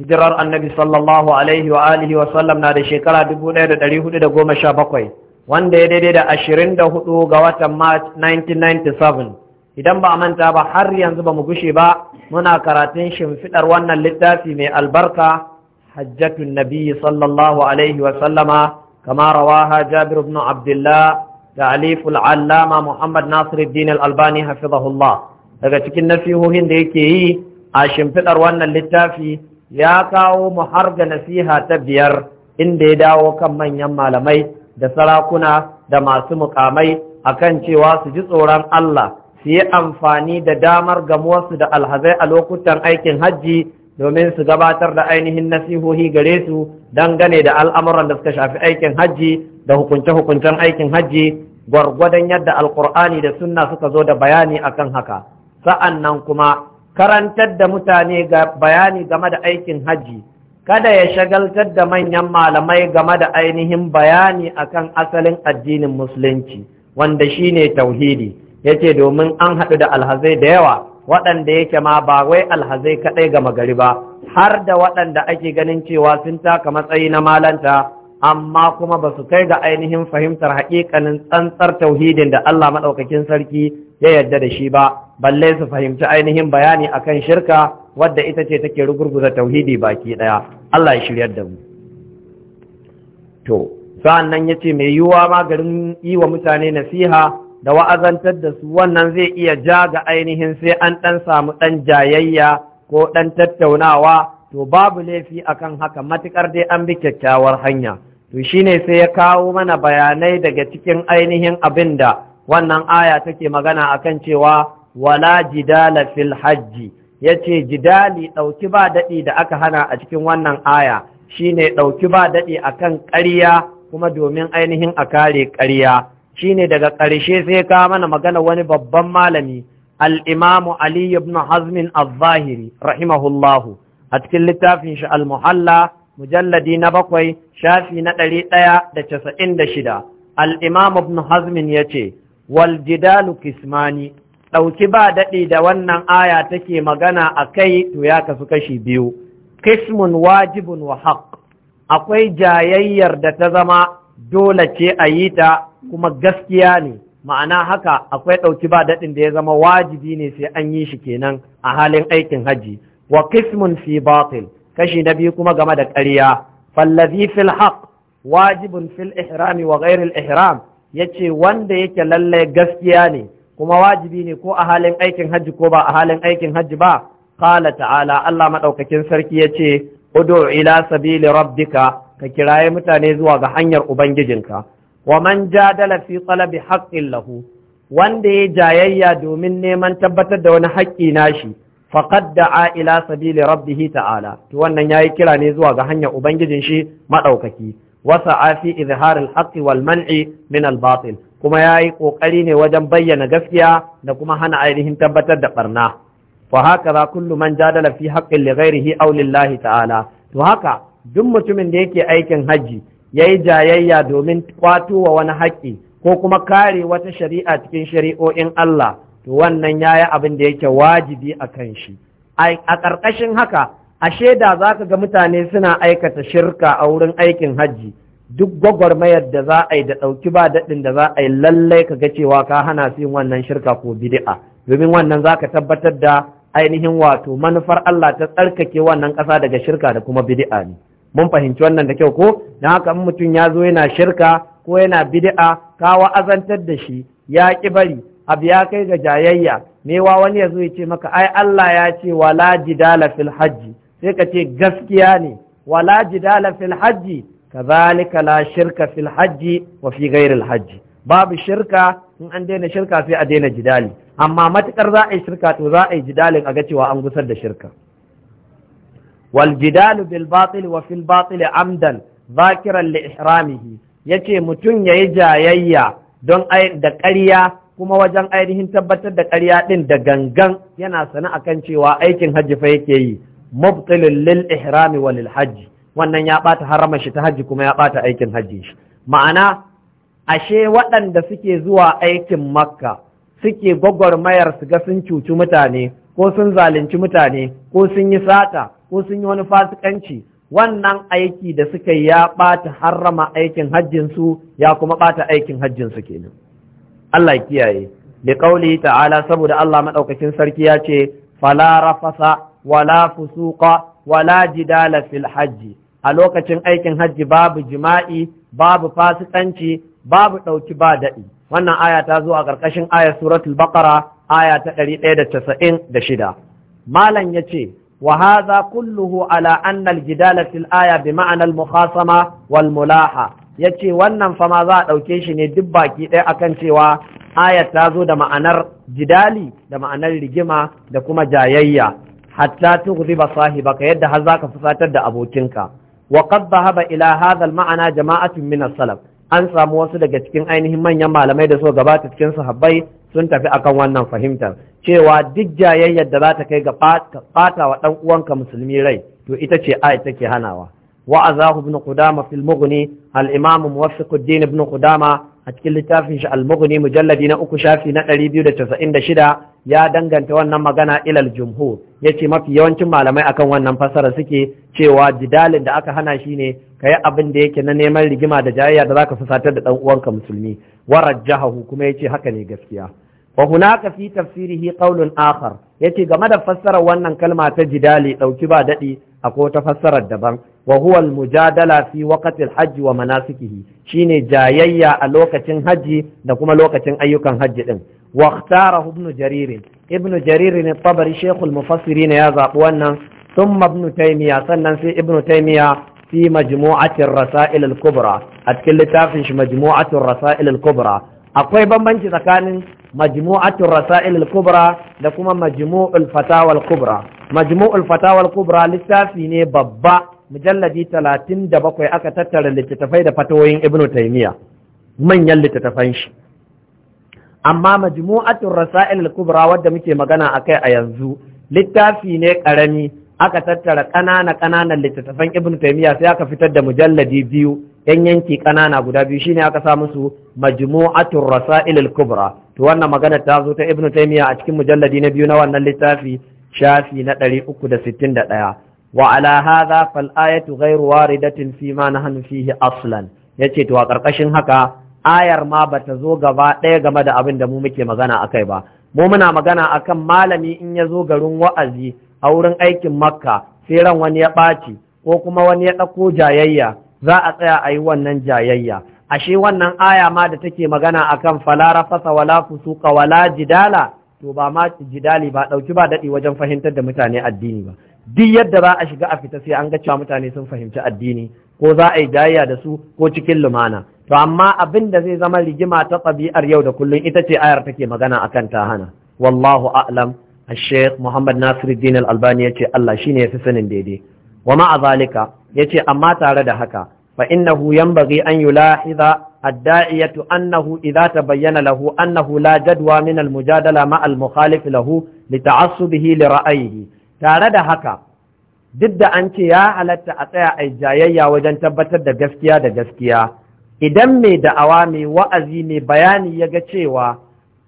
hijirar annabi sallallahu alaihi wa alihi wa sallam na da shekara 1417 wanda ya daidai da 24 ga watan march 1997 idan ba a manta ba har yanzu ba mu gushe ba muna karatun shimfiɗar wannan littafi mai albarka hajjatun nabi sallallahu alaihi wa sallama kama rawaha jabir ibn abdullah da aliful allama muhammad nasiruddin al-albani hafizahullah daga cikin nasihohin da yake yi a shimfiɗar wannan littafi ya kawo mu har ga nasiha ta biyar inda ya dawo kan manyan malamai da sarakuna da masu mukamai akan cewa su ji tsoron Allah su yi amfani da damar gamuwarsu da alhazai a lokutan aikin hajji domin su gabatar da ainihin nasihohi gare su dangane da al'amuran da suka shafi aikin hajji da hukunce-hukuncen aikin hajji gwargwadon yadda alkur'ani da sunna suka zo da bayani akan haka sa'annan kuma karantar da mutane ga bayani game da aikin hajji kada ya shagaltar da manyan malamai game da ainihin bayani akan asalin addinin musulunci wanda shine tauhidi yace domin an haɗu da alhazai da yawa waɗanda yake ma ba wai alhazai kaɗai gama gari ba har da waɗanda ake ganin cewa sun taka matsayi na malanta amma kuma ba su kai ga ainihin fahimtar haƙiƙanin tsantsar tauhidin da Allah maɗaukakin sarki ya yarda da shi ba balle su fahimci ainihin bayani akan shirka wadda ita ce take rugurguza tauhidi baki ɗaya Allah ya shiryar da mu to sa'an nan ya ce mai yiwuwa ma garin yi wa mutane nasiha da wa'azantar da su wannan zai iya ja ga ainihin sai an ɗan samu ɗan jayayya ko ɗan tattaunawa to babu laifi akan haka matuƙar dai an bi kyakkyawar hanya to shine sai ya kawo mana bayanai daga cikin ainihin abin da wannan aya take magana akan cewa wala jidala fil hajji ce jidali ɗauki ba daɗi da aka hana a cikin wannan aya shine ɗauki ba daɗi akan ƙarya kuma domin ainihin a kare ƙarya shine daga ƙarshe sai ka mana magana wani babban malami al-Imam Ali ibn hazmin al-Zahiri rahimahullahu a cikin littafin shi al-Muhalla mujalladi na bakwai shafi na ɗari ɗaya da casa'in da shida al'imam ibn hazmin ya ce Waljidalu kismani ɗauki ba daɗi da wannan aya take magana a kai to ya kasu kashi biyu kismun wajibun wa haq akwai jayayyar da ta zama dole ce a yi ta kuma gaskiya ne ma'ana haka akwai ɗauki ba daɗin da ya zama wajibi ne sai an yi shi kenan a halin aikin haji wa kismun fi batil kashi na biyu kuma game da ƙarya fallazi fil haq wajibun fil ihrami wa ghairil ihram yace wanda yake lallai gaskiya ne kuma wajibi ne ko a halin aikin hajji ko ba a halin aikin hajji ba qala ta'ala Allah madaukakin sarki yace ud'u ila sabili rabbika ka kiraye mutane zuwa ga hanyar ubangijinka wa man jadala fi talabi haqqin lahu wanda ya jayayya domin neman tabbatar da wani haƙƙi nashi faqad da'a ila sabili rabbih ta'ala to wannan yayi kira ne zuwa ga hanyar ubangijin shi madaukaki wasa afi izharil haqqi wal man'i min al batil kuma yayi kokari ne wajen bayyana gaskiya da kuma hana ainihin tabbatar da barna fa haka za kullu man jadala fi haqqin li ghairihi aw lillahi ta'ala to haka duk mutumin da yake aikin haji yayi jayayya domin kwato wa wani haƙƙi ko kuma kare wata shari'a cikin shari'o'in Allah to wannan yayi abin da yake wajibi a kan shi a ƙarƙashin haka a shaida za ka ga mutane suna aikata shirka a wurin aikin hajji duk gwagwarmayar da za a yi da ɗauki ba daɗin da za a yi lallai ka ga cewa ka hana su yin wannan shirka ko bidi'a, domin wannan za ka tabbatar da ainihin wato manufar Allah ta tsarkake wannan ƙasa daga shirka da kuma bidi'a ne mun fahimci wannan da kyau ko na haka in mutum ya zo yana shirka ko yana bidi'a, ka wa'azantar da shi ya ƙi bari abu ya kai ga jayayya mewa wani ya zo ya ce maka ai Allah ya ce wala jidala fil hajji sai ka ce gaskiya ne wala jidala fil hajji kazalika la shirka fil hajji wa fi hajji babu shirka in an daina shirka sai a daina jidali amma matukar za a yi shirka to za a yi jidalin a ga cewa an gusar da shirka wal jidalu bil batil wa fil batil amdan zakiran li ihramihi yace mutum yayi jayayya don da ƙarya kuma wajen ainihin tabbatar da ƙarya ɗin da gangan yana sana a kan cewa aikin hajji fa yake yi mubtilin lil ihrami wa lil hajji wannan ya ɓata harama shi ta hajji kuma ya ɓata aikin hajji shi ma'ana ashe waɗanda suke zuwa aikin makka suke gwagwarmayar su ga sun cuci mutane ko sun zalunci mutane ko sun yi sata ko sun yi wani fasikanci wannan aiki da suka yi ya ɓata harama aikin hajjinsu ya kuma ɓata aikin hajjinsu kenan. Allah kiyaye da kauli ta'ala saboda Allah madaukakin sarki ya ce fala rafasa wala fusuqa wala jidala fil hajji a lokacin aikin hajji babu jima'i babu fasikanci babu dauki ba dadi wannan aya ta zo a karkashin ayar suratul baqara aya ta 196 malam yace wa hadha kulluhu ala anna al jidala fil aya bi ma'anar al mukhasama wal mulaha ya ce wannan fama za a ɗauke shi ne duk baki ɗaya akan cewa ayat ta zo da ma'anar jidali da ma'anar rigima da kuma jayayya hatta ba sahiba ka yadda har zaka fusatar da abokinka wa qad dhahaba ila hadha al ma'ana jama'atun min as-salaf an samu wasu daga cikin ainihin manyan malamai da suka gabata cikin sahabbai sun tafi akan wannan fahimtar cewa duk jayayyar da za ta kai ga fata wa dan uwanka musulmi rai to ita ce ayat take hanawa وعزاه ابن قدامة في المغني الإمام موفق الدين ابن قدامة أتكل لتافيش المغني مجلدين أكو شافي نقلي بيو لتسعين دشدا يا دنغن توانا مغانا إلى الجمهور يتي ما في يوان كما لما أكون wannan مفسر سكي cewa jidalin da aka hana shi ne ka yi abin da yake na neman rigima da jayayya da zaka fusatar da ɗan uwanka musulmi wa rajjahahu kuma ce haka ne gaskiya wa ka fi tafsirihi qaulun akhar yace game da fassarar wannan kalma ta jidali ɗauki ba daɗi, akwai wata fassarar daban wa huwa al-mujadala fi waqti al-hajj wa manasikihi shine jayayya a lokacin haji da kuma lokacin ayyukan haji din wa ikhtarahu ibn jarir ibn jarir ne tabari shaykh al-mufassirin ya zabi wannan thumma ibn taymiya sannan sai ibn taymiya fi majmu'ati ar-rasail al-kubra a cikin littafin shi majmu'atu ar-rasail al-kubra akwai bambanci tsakanin majmu'atu ar-rasail al-kubra da kuma majmu'ul fatawa al-kubra majmu'ul fatawa al-kubra littafi ne babba mujalladi talatin da bakwai aka tattara littattafai da fatoyin ibnu taimiya manyan littattafan shi amma majmu'atul rasail al-kubra wadda muke magana akai a yanzu littafi ne karami aka tattara kanana ƙananan littattafan Ibn taimiya sai aka fitar da mujalladi biyu yan yanki kanana guda biyu shine aka sa musu majmu'atul rasail al-kubra to wannan magana ta zo ta ibn taimiya a cikin mujalladi na biyu na wannan littafi shafi na ɗari uku da sittin da ɗaya. وعلى هذا فالآية غير واردة فيما نحن فيه أصلا yace to a ƙarƙashin haka ayar ma bata zo gaba ɗaya game da abin da mu muke magana akai ba mu muna magana akan malami in ya zo garin wa'azi a wurin aikin makka sai wani ya ɓaci ko kuma wani ya ɗauko jayayya za a tsaya a yi wannan jayayya ashe wannan aya ma da take magana akan falara fasa wala fusuka wala jidala to ba ma jidali ba ɗauki ba daɗi wajen fahimtar da mutane addini ba duk yadda za a shiga a fita sai an ga cewa mutane sun fahimci addini ko za a yi jayayya da su ko cikin lumana to amma abin da zai zama rigima ta ɗabi'ar yau da kullum ita ce ayar take magana akan ta hana wallahu a'lam الشيخ محمد ناصر الدين الألباني يتي الله شيني يفسن ديدي ومع ذلك يتي أما تارد هكا فإنه ينبغي أن يلاحظ الداعية أنه إذا تبين له أنه لا جدوى من المجادلة مع المخالف له لتعصبه لرأيه tare da haka duk da an ce ya halatta a tsaya a jayayya wajen tabbatar da gaskiya da gaskiya idan mai da'awa mai wa'azi mai bayani ya ga cewa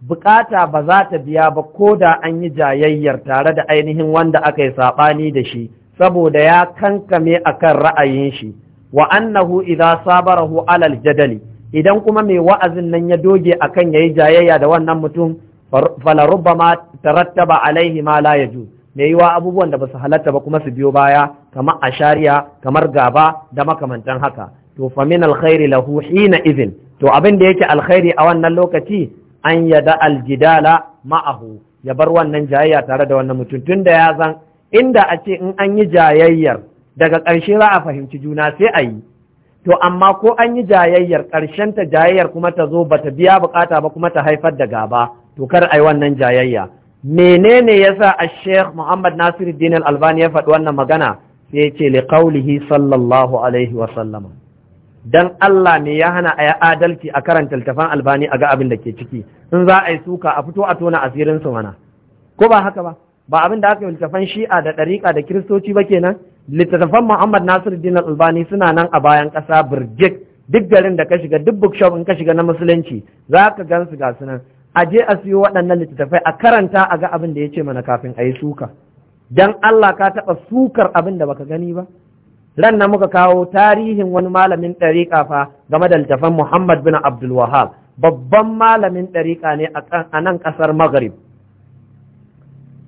bukata ba za ta biya ba ko da an yi jayayyar tare da ainihin wanda aka yi saɓani da shi saboda ya kankame a kan ra'ayin shi wa annahu idza sabarahu alal jadali idan kuma mai wa'azin nan ya doge akan yayi jayayya da wannan mutum fala ma tarattaba alaihi ma la yajuz mai yiwa abubuwan da ba su halatta ba kuma su biyo baya kamar ashariya kamar gaba da makamantan haka to fa min alkhairi lahu hina idhin to abin da yake alkhairi a wannan lokaci an yada aljidala ma'ahu ya bar wannan jayayya tare da wannan mutum da ya zan inda a ce in an yi jayayyar daga ƙarshe za a fahimci juna sai a yi to amma ko an yi jayayyar ƙarshen ta jayayyar kuma ta zo bata biya bukata ba kuma ta haifar da gaba to kar a yi wannan jayayya menene yasa al sheikh Muhammad Nasiruddin Al-Albani ya faɗi wannan magana sai ya li qawlihi sallallahu alaihi wa sallama dan Allah ne ya hana a adalci a karanta littafan albani a ga abin da ke ciki in za a yi suka a fito a tona asirin su mana ko ba haka ba ba abin da aka yi littafan shi'a da ɗariƙa da kiristoci ba kenan littattafan muhammad nasir din albani suna nan a bayan ƙasa birjik duk garin da ka shiga duk bookshop in ka shiga na musulunci za ka gan su ga su nan a je a siyo waɗannan littattafai a karanta a ga abin da ya ce mana kafin a yi suka Don Allah ka taɓa sukar abin da baka gani ba ran na muka kawo tarihin wani malamin ɗariƙa fa game da littattafan Muhammad bin Abdul babban malamin ɗariƙa ne a nan ƙasar Maghrib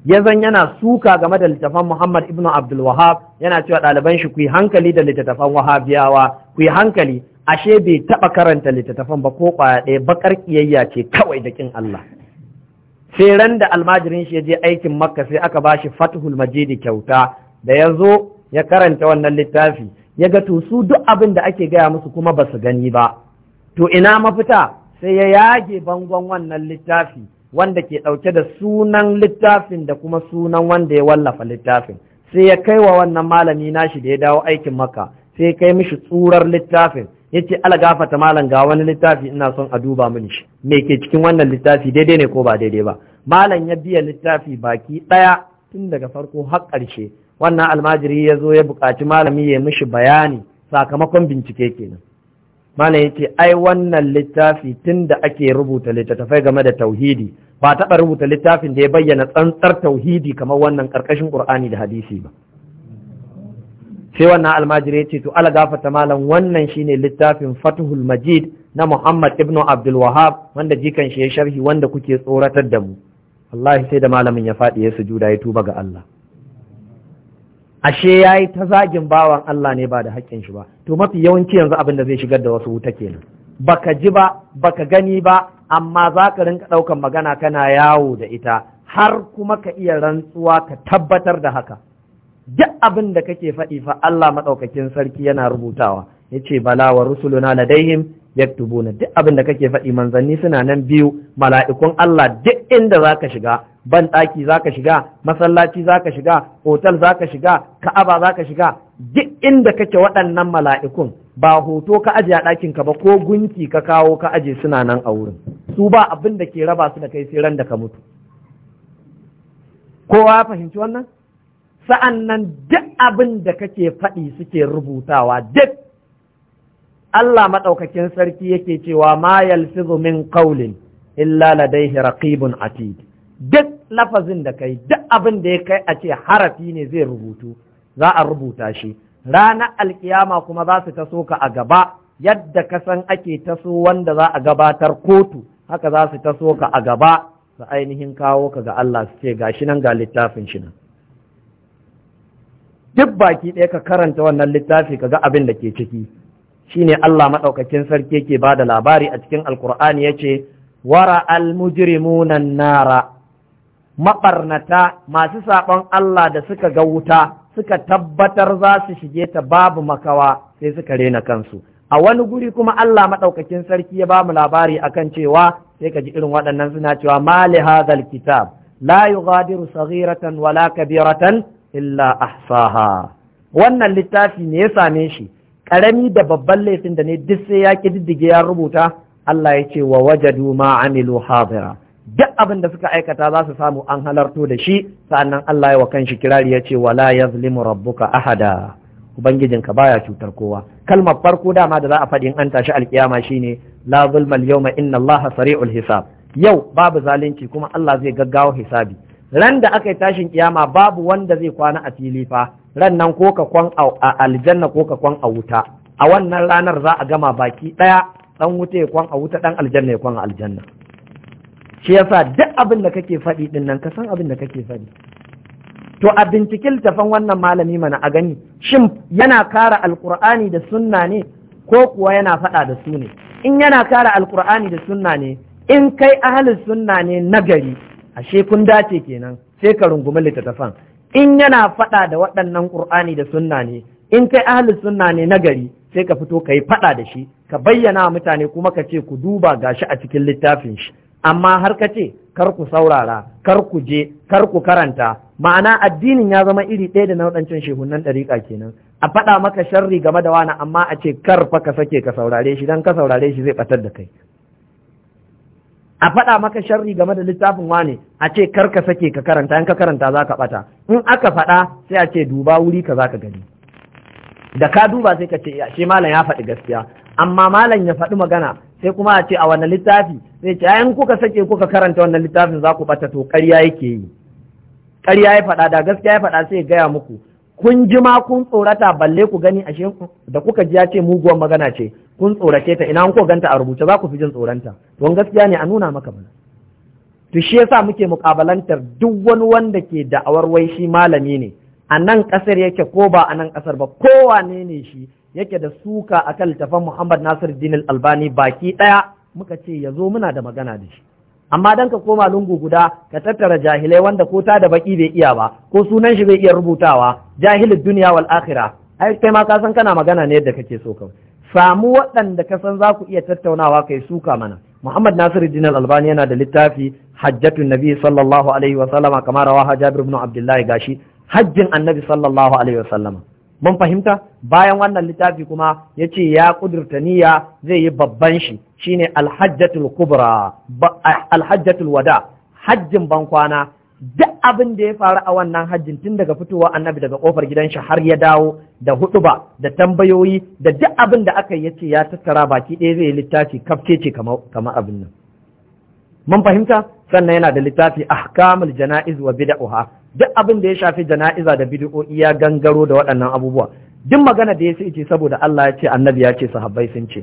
ya zan yana suka game da littattafan Muhammad ibn Abdulwahab? yana cewa ɗaliban shi ku yi hankali da littattafan Wahabiyawa ku yi hankali ashe bai taɓa karanta littattafan ba ko ƙwaya ɗaya bakar ƙiyayya ce kawai da ƙin Allah sai ran da almajirin shi ya je aikin makka sai aka bashi fathul majidi kyauta da ya zo ya karanta wannan littafi ya ga to su duk abin da ake gaya musu kuma ba su gani ba to ina mafita sai ya yage bangon wannan littafi wanda ke ɗauke da sunan littafin da kuma sunan wanda ya wallafa littafin sai ya kai wa wannan malami nashi da ya dawo aikin makka sai ya kai mishi tsurar littafin Ya ce, ala gafata malam ga wani littafi ina son a duba mini shi me ke cikin wannan littafi daidai ne ko ba daidai ba malam ya biya littafi baki ɗaya tun daga farko har ƙarshe wannan almajiri ya zo ya buƙaci malami ya mishi bayani sakamakon bincike kenan malam ya ce ai wannan littafi tun da ake rubuta littattafai game da tauhidi ba taɓa rubuta littafin da ya bayyana tsantsar tauhidi kamar wannan ƙarƙashin ƙur'ani da hadisi ba sai wannan almajiri ya ce to ala gafata malam wannan shine littafin fatuhul majid na muhammad Ibnu abdul wahab wanda jikan shi ya sharhi wanda kuke tsoratar da mu wallahi sai da malamin ya faɗi ya sujuda ya tuba ga allah ashe ya yi ta zagin bawan allah ne ba da haƙƙin shi ba to mafi yawanci yanzu abin da zai shigar da wasu wuta kenan baka ji ba baka gani ba amma za ka rinka ɗaukan magana kana yawo da ita har kuma ka iya rantsuwa ka tabbatar da haka duk abin da kake faɗi fa Allah maɗaukakin sarki yana rubutawa ya ce bala wa rusuluna ladaihim yaktubuna duk abin da kake faɗi manzanni suna nan biyu mala'ikun Allah duk inda za ka shiga ban ɗaki ka shiga masallaci za ka shiga hotel ka shiga ka'aba za ka shiga duk inda kake waɗannan mala'ikun ba hoto ka aje a ɗakin ka ba ko gunki ka kawo ka ajiye suna nan a wurin su ba abin da ke raba su da kai sai ran da ka mutu kowa ya fahimci wannan sa'an nan duk abin da kake faɗi suke rubutawa duk Allah maɗaukakin sarki yake cewa ma yalfizu min qawlin illa ladaihi raqibun atid duk lafazin da kai duk abin da ya kai a ce harafi ne zai rubutu za a rubuta shi ranar alkiyama kuma za su taso ka a gaba yadda ka san ake taso wanda za a gabatar kotu haka za su taso ka a gaba su ainihin kawo ka ga Allah su ce gashi nan ga littafin shi nan duk baki ɗaya ka karanta wannan littafi ka ga abin da ke ciki shine Allah maɗaukakin sarki yake ba da labari a cikin alkur'ani ya ce wara almujrimuna nara maɓarnata masu saɓon Allah da suka ga wuta suka tabbatar za su shige ta babu makawa sai suka rena kansu a wani guri kuma Allah maɗaukakin sarki ya ba mu labari akan cewa sai ka ji irin waɗannan suna cewa mali hadhal kitab la yughadiru saghiratan wala kabiratan illa ahsaha wannan littafi ne ya same shi ƙarami da babban laifin da ne duk sai ya ƙididdige ya rubuta Allah ya ce wa wajadu ma amilu hadira duk abin da suka aikata za su samu an halarto da shi sa'annan Allah ya wa kanshi kirari ya ce wala yazlimu rabbuka ahada ubangijinka baya cutar kowa kalmar farko dama da za a faɗi an tashi alkiyama shine la zulma al-yawma inna Allah sari'ul hisab yau babu zalunci kuma Allah zai gaggawa hisabi ran da aka yi tashin kiyama babu wanda zai kwana a fili fa ran nan ko ka kwan a aljanna ko ka kwan a wuta a wannan ranar za a gama baki ɗaya ɗan wuta ya kwan a wuta ɗan aljanna ya kwan a aljanna shi yasa duk abin da kake faɗi ɗin nan ka san abin da kake faɗi to a binciki littafan wannan malami mana a gani shin yana kara alkur'ani da sunna ne ko kuwa yana faɗa da su ne in yana kara alkur'ani da sunna ne in kai ahalin sunna ne nagari ashe kun dace kenan sai ka rungumi littattafan in yana faɗa da waɗannan ƙur'ani da sunna ne in kai ahli sunna ne na gari sai ka fito ka yi faɗa da shi ka bayyana mutane kuma ka ce ku duba gashi a cikin littafin shi amma har ka ce kar ku saurara kar ku je kar ku karanta ma'ana addinin ya zama iri ɗaya da na waɗancan shehunan ɗariƙa kenan a faɗa maka sharri game da wani amma a ce kar fa ka sake ka saurare shi dan ka saurare shi zai ɓatar da kai a faɗa maka sharri game da littafin wane a ce kar ka sake ka karanta in ka karanta za ka ɓata in aka faɗa sai a ce duba wuri ka za ka gani da ka duba sai ka ce ce malam ya faɗi gaskiya amma malam ya faɗi magana sai kuma a ce a wannan littafi sai ce ayan kuka sake kuka karanta wannan littafin za ku ɓata to ƙarya yake yi ƙarya ya faɗa da gaskiya ya faɗa sai ya gaya muku kun ji ma kun tsorata balle ku gani ashe da kuka ji ya ce muguwar magana ce kun tsorace ta ina ko ganta a rubuce za ku fi jin tsoranta don gaskiya ne a nuna maka mana to shi yasa muke mukabalantar duk wani wanda ke da'awar wai shi malami ne a nan kasar yake ko ba a nan kasar ba kowa ne ne shi yake da suka kan littafan Muhammad Nasir Din Albani baki ɗaya? muka ce ya zo muna da magana da shi amma dan ka koma lungu guda ka tattara jahilai wanda ko ta da baki bai iya ba ko sunan shi bai iya rubutawa jahilin duniya wal akhirah ai kai ma ka san kana magana ne yadda kake so kawai samu waɗanda ka san za ku iya tattaunawa kai suka mana Muhammad Nasiru Jinal Albani yana da littafi Hajjatun Nabi sallallahu alaihi wa sallama kamar rawaha Jabir ibn Abdullahi, gashi hajjin Annabi sallallahu alaihi wa sallama mun fahimta bayan wannan littafi kuma yace ya kudurta niyya zai yi babban shi shine al Kubra alhajjatul Wada hajjin bankwana duk abin da ya faru a wannan hajjin tun daga fitowa annabi daga kofar gidan shi har ya dawo da huɗuba, da tambayoyi da duk abin da aka yi ce ya tattara baki ɗaya zai littafi kafce ce kamar abin nan mun fahimta sannan yana da littafi ahkamul jana'iz wa bid'uha duk abin da ya shafi jana'iza da bid'o'i ya gangaro da waɗannan abubuwa duk magana da ya sai ce saboda Allah ya ce annabi ya ce sahabbai sun ce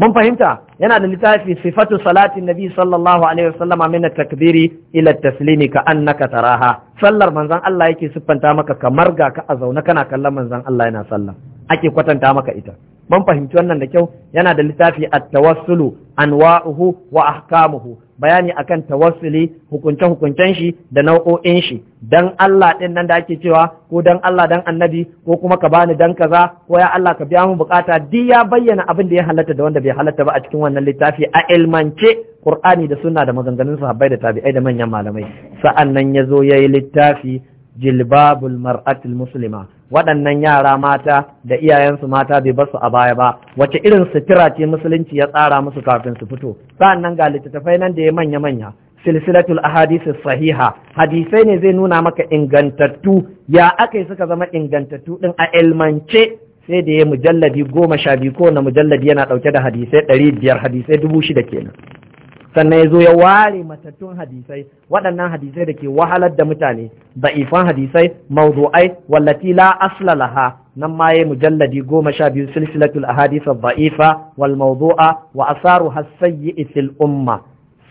mun fahimta yana da littafi sifatu salatin nabi sallallahu alaihi wasallama min takbiri ila taslimi ka annaka taraha sallar manzon Allah yake siffanta maka kamar ga ka a zaune kana kallon manzon Allah yana sallah ake kwatanta maka ita mun fahimci wannan da kyau yana da littafi at-tawassulu anwa'uhu wa ahkamuhu bayani akan tawassuli hukunce hukuncen shi da nau'o'in shi dan Allah din nan da ake cewa ko dan Allah dan annabi ko kuma ka bani dan kaza ko ya Allah ka biya mu bukata duk ya bayyana abin da ya halatta da wanda bai halatta ba a cikin wannan littafi a ilmance Qur'ani da sunna da maganganun sahabbai da tabi'ai da manyan malamai sa'annan yazo yayi littafi jilbabul mar'atil muslima waɗannan yara mata da iyayensu mata bai bar su a baya ba wace irin sutura ce musulunci ya tsara musu kafin su fito sa'annan ga littattafai nan da ya manya-manya silsilatul ahadisi sahiha hadisai ne zai nuna maka ingantattu ya aka yi suka zama ingantattu din a ilmance sai da ya mujalladi goma sha biyu ko na mujalladi yana ɗauke da hadisai ɗari biyar hadisai dubu shida kenan sannan ya zo ya ware matattun hadisai waɗannan hadisai da ke wahalar da mutane da'ifan hadisai mawdu'ai wallati la asla laha nan ma yayi mujalladi goma sha biyu silsilatul ahadith ad-da'ifa wal mawdu'a wa asaru hasayyi fil umma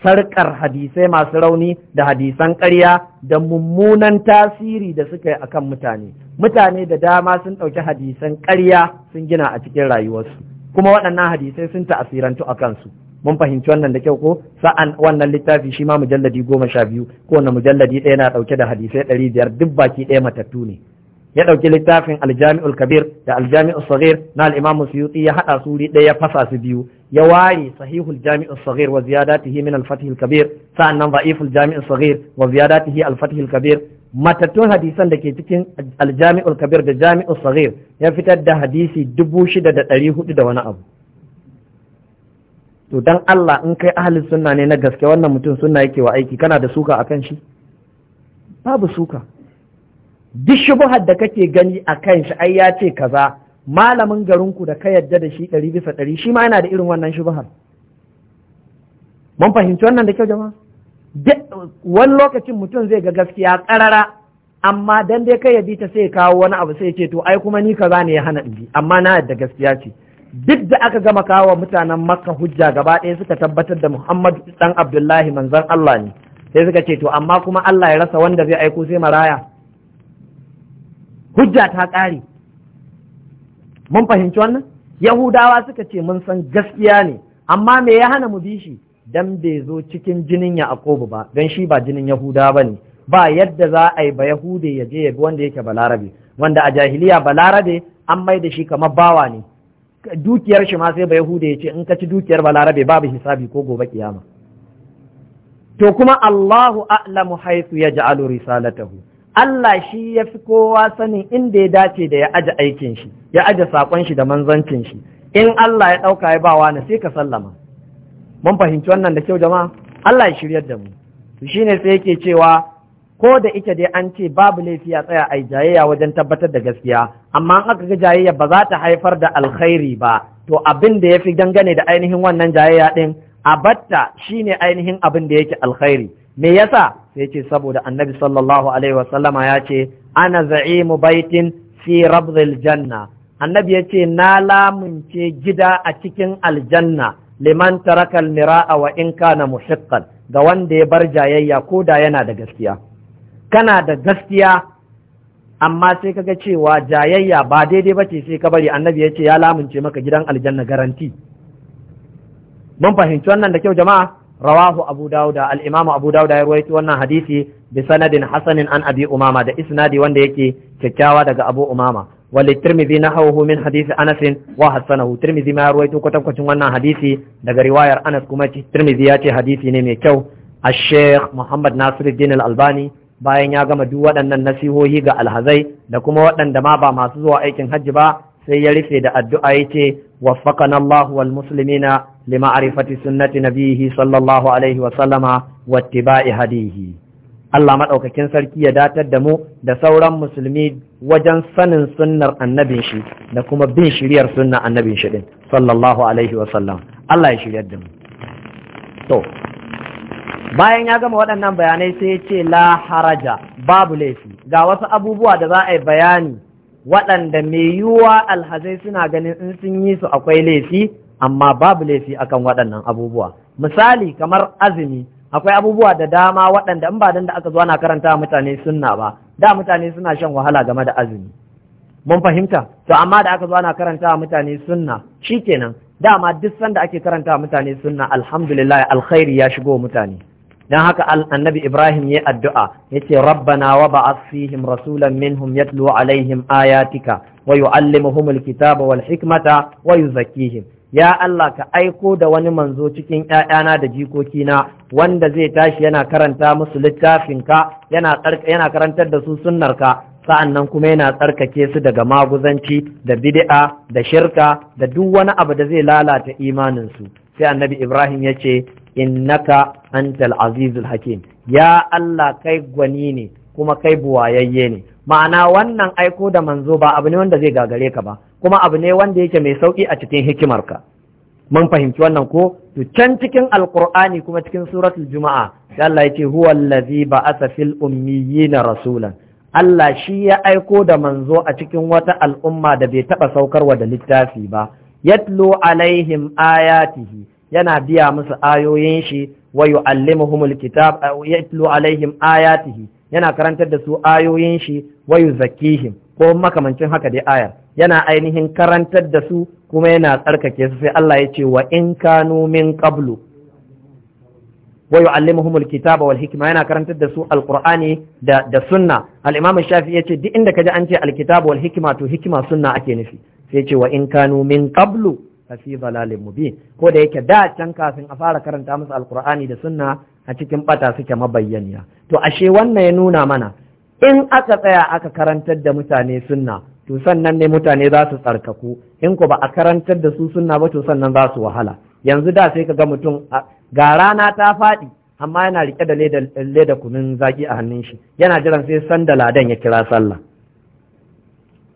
sarkar hadisai masu rauni da hadisan ƙarya da mummunan tasiri da suka yi akan mutane mutane da dama sun ɗauki hadisan ƙarya sun gina a cikin rayuwarsu kuma waɗannan hadisai sun ta'asirantu a kansu mun fahimci wannan da kyau ko sa'an wannan littafi shi ma mujalladi goma sha biyu kowane mujalladi ɗaya na ɗauke da hadisai ɗari biyar duk baki ɗaya matattu ne ya ɗauki littafin aljami'ul kabir da aljami'ul sahir na al'imamu suyuti ya haɗa su ɗaya ya fasa su biyu ya ware sahihul jami'ul sagir wa ziyadatihi min al-fatihul kabir sa'annan da'iful jami'ul sagir wa ziyadatihi al kabir matattun hadisan da ke cikin aljami'ul kabir da jami'ul sagir ya fitar da hadisi dubu shida da ɗari hudu da wani abu to dan Allah in kai ahalin sunna ne na gaske wannan mutum sunna yake wa aiki kana da suka akan shi babu suka duk shubuhar da kake gani akan shi ai ya ce kaza malamin garinku da ka yadda da shi ɗari bisa ɗari shi ma yana da irin wannan shubuhar mun fahimci wannan da kyau jama'a wani lokacin mutum zai ga gaskiya ƙarara amma dan dai kai ya bi ta sai kawo wani abu sai ce to ai kuma ni kaza ne ya hana in amma na yadda gaskiya ce duk da aka gama kawo mutanen makka hujja gaba ɗaya suka tabbatar da muhammadu dan abdullahi manzon allah ne sai suka ce to amma kuma allah ya rasa wanda zai aiko sai maraya hujja ta ƙare mun fahimci wannan yahudawa suka ce mun san gaskiya ne amma me ya hana mu bi shi dan bai zo cikin jinin ya yaƙubu ba dan shi ba jinin yahuda ba ne ba yadda za a yi ba yahude ya je ya bi wanda yake balarabe wanda a jahiliya balarabe an mai da shi kamar bawa ne dukiyar shi ma sai ba yahuda ya ce in ka ci dukiyar balarabe babu hisabi ko gobe kiyama to kuma Allahu a'lamu ji yaj'alu risalatahu Allah shi ya fi kowa sanin inda ya dace da ya aje aikin shi ya aje sakon shi da manzancin shi in Allah ya ɗauka ya ba wani sai ka sallama mun fahimci wannan da kyau jama'a Allah ya shiryar da mu shi ne sai yake cewa ko da ita dai an ce babu laifi a tsaya a jayayya wajen tabbatar da gaskiya amma in aka ga jayayya ba za ta haifar da alkhairi ba to abin da yafi dangane da ainihin wannan jayayya din a batta shine ainihin abin da yake alkhairi me yasa sai ce saboda annabi sallallahu alaihi wasallama ya ce ana za'imu baitin fi rabdil janna annabi ya ce na lamunce gida a cikin aljanna liman tarakal mira'a wa in kana muhiqqan ga wanda ya bar jayayya ko yana da gaskiya kana da gaskiya amma sai kaga cewa jayayya ba daidai ba ce sai ka bari annabi ya ce ya lamunce maka gidan aljanna garanti mun fahimci wannan da kyau jama'a rawahu abu dauda al-imam abu dauda ya rawaito wannan hadisi bi sanadin hasanin an abi umama da isnadi wanda yake kyakkyawa daga abu umama wa tirmidhi nahawu min hadisi anas wa hasanahu tirmidhi ma rawaito kwatankwacin wannan hadisi daga riwayar anas kuma tirmidhi ya ce hadisi ne mai kyau الشيخ محمد ناصر الدين Albani. bayan ya gama duk waɗannan nasihohi ga alhazai da kuma waɗanda ma ba masu zuwa aikin hajji ba sai ya rufe da addu'a yace waffaqana Allah wal muslimina lima'rifati sunnati nabiyhi sallallahu alaihi wa sallama wattiba'i hadihi Allah maɗaukakin sarki ya datar da mu da sauran musulmi wajen sanin sunnar annabin shi da kuma bin shiryar sunnar annabin shi din sallallahu alaihi wa sallam Allah ya shiryar da mu to bayan ya gama waɗannan bayanai sai ya ce la haraja babu laifi ga wasu abubuwa da za a yi bayani waɗanda mai yiwuwa alhazai suna ganin in sun yi su akwai laifi amma babu laifi akan waɗannan abubuwa misali kamar azumi akwai abubuwa da dama waɗanda in ba dan da aka zo ana karanta mutane sunna ba da mutane suna shan wahala game da azumi mun fahimta to amma da aka zo ana karanta mutane sunna shikenan dama duk sanda ake karanta mutane sunna alhamdulillah alkhairi ya shigo mutane dan haka annabi Ibrahim ya addu'a yace rabbana wa ba'ath fihim rasulan minhum yatlu alaihim ayatika wa yu'allimuhumul kitaba wal hikmata wa yuzakkihim ya Allah ka aiko da wani manzo cikin 'ya'yana da jikokina wanda zai tashi yana karanta musu littafinka yana yana karantar da su sunnarka sa'annan kuma yana tsarkake su daga maguzanci da bid'a da shirka da duk wani abu da zai lalata imaninsu sai annabi Ibrahim ya ce innaka antal azizul hakim ya Allah kai gwani ne kuma kai buwayayye ne ma'ana wannan aiko da manzo ba abu ne wanda zai gagare ka ba kuma abu ne wanda yake mai sauki a cikin hikimarka mun fahimci wannan ko to can cikin alqur'ani kuma cikin suratul juma'a sai Allah yake huwa allazi ba'atha fil ummiyina rasulan Allah shi ya aiko da manzo a cikin wata al'umma da bai taba wa da littafi ba yatlu alaihim ayatihi yana biya musu ayoyin shi wa alkitab aw yatlu alaihim ayatihi yana karantar da su ayoyin shi wa yuzakkihim ko makamancin haka dai ayar yana ainihin karantar da su kuma yana tsarkake su sai Allah ya ce wa in kanu min qablu wa yu'allimuhum kitaba wal hikma yana karantar da su alqur'ani da da sunna al-imam shafi yace duk inda kaji an ce alkitaba wal hikma to hikma sunna ake nufi sai ce wa in kanu min qablu fi dalalin mubin ko da yake da can kafin a fara karanta musu alkur'ani da sunna a cikin bata suke mabayyaniya to ashe wannan ya nuna mana in aka tsaya aka karantar da mutane sunna to sannan ne mutane za su tsarkaku in ko ba a karantar da su sunna ba to sannan za su wahala yanzu da sai ka ga mutum ga rana ta faɗi amma yana rike da leda kunun zaki a hannun shi yana jiran sai sanda ladan ya kira sallah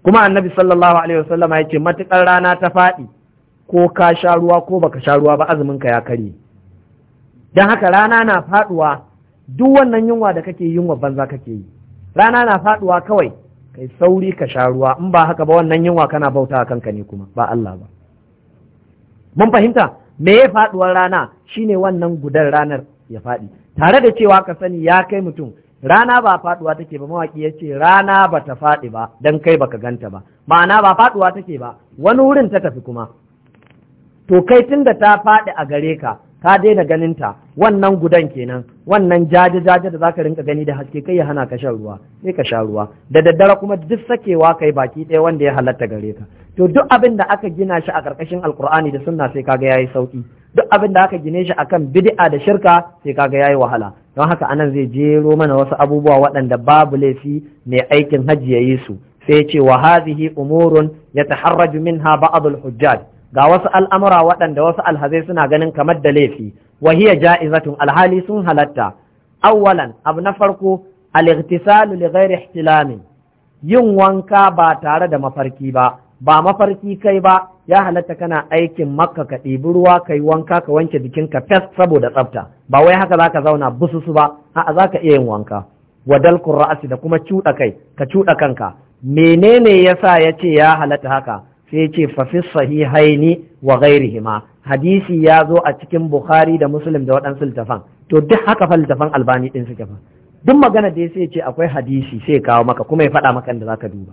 kuma annabi sallallahu alaihi wasallam ya ce matukar rana ta faɗi ko ka sha ruwa ko baka sha ruwa ba azumin ka ya kare dan haka rana na faduwa duk wannan yunwa da kake yunwa banza kake yi rana na faduwa kawai kai sauri ka sha ruwa in ba haka ba wannan yunwa kana bauta kanka ne kuma ba Allah ba mun fahimta me ya faduwar rana shine wannan gudan ranar ya fadi? tare da cewa ka sani ya kai mutum rana ba faduwa take ba mawaki ya ce rana ba ta faɗi ba dan kai baka ganta ba ma'ana ba faduwa take ba wani wurin ta tafi kuma to kai tun da ta faɗi a gare ka ka daina ganinta wannan gudan kenan wannan jaje jaje da zaka rinka gani da haske kai ya hana ka shan ruwa sai ka sha ruwa da daddare kuma duk sakewa kai baki ɗaya wanda ya halatta gare ka to duk abin da aka gina shi a ƙarƙashin alkur'ani da sunna sai kaga yayi sauki duk abin da aka gine shi akan bid'a da shirka sai kaga yayi wahala don haka anan zai jero mana wasu abubuwa waɗanda babu laifi mai aikin hajji ya yi su sai ce wa hadhihi umurun yataharraju minha ba'd al-hujjaj ga wasu al'amura waɗanda wasu alhazai suna ganin kamar da laifi wahiya ja'izatun alhali sun halatta awwalan abu na farko al-ightisalu li ghairi yin wanka ba tare da mafarki ba ba mafarki kai ba ya halatta kana aikin makka ka ɗibi ruwa ka yi wanka ka wanke ka fes saboda tsafta ba wai haka zaka zauna bususu ba a'a zaka iya yin wanka wadal kurra'asi da kuma cuɗa kai ka cuɗa kanka menene yasa ya ce ya halatta haka sai ce fafi ne wa hima hadisi ya zo a cikin bukhari da muslim da waɗansu littafan to duk haka fa littafan albani ɗin suke fa duk magana da sai ce akwai hadisi sai kawo maka kuma ya faɗa maka da zaka duba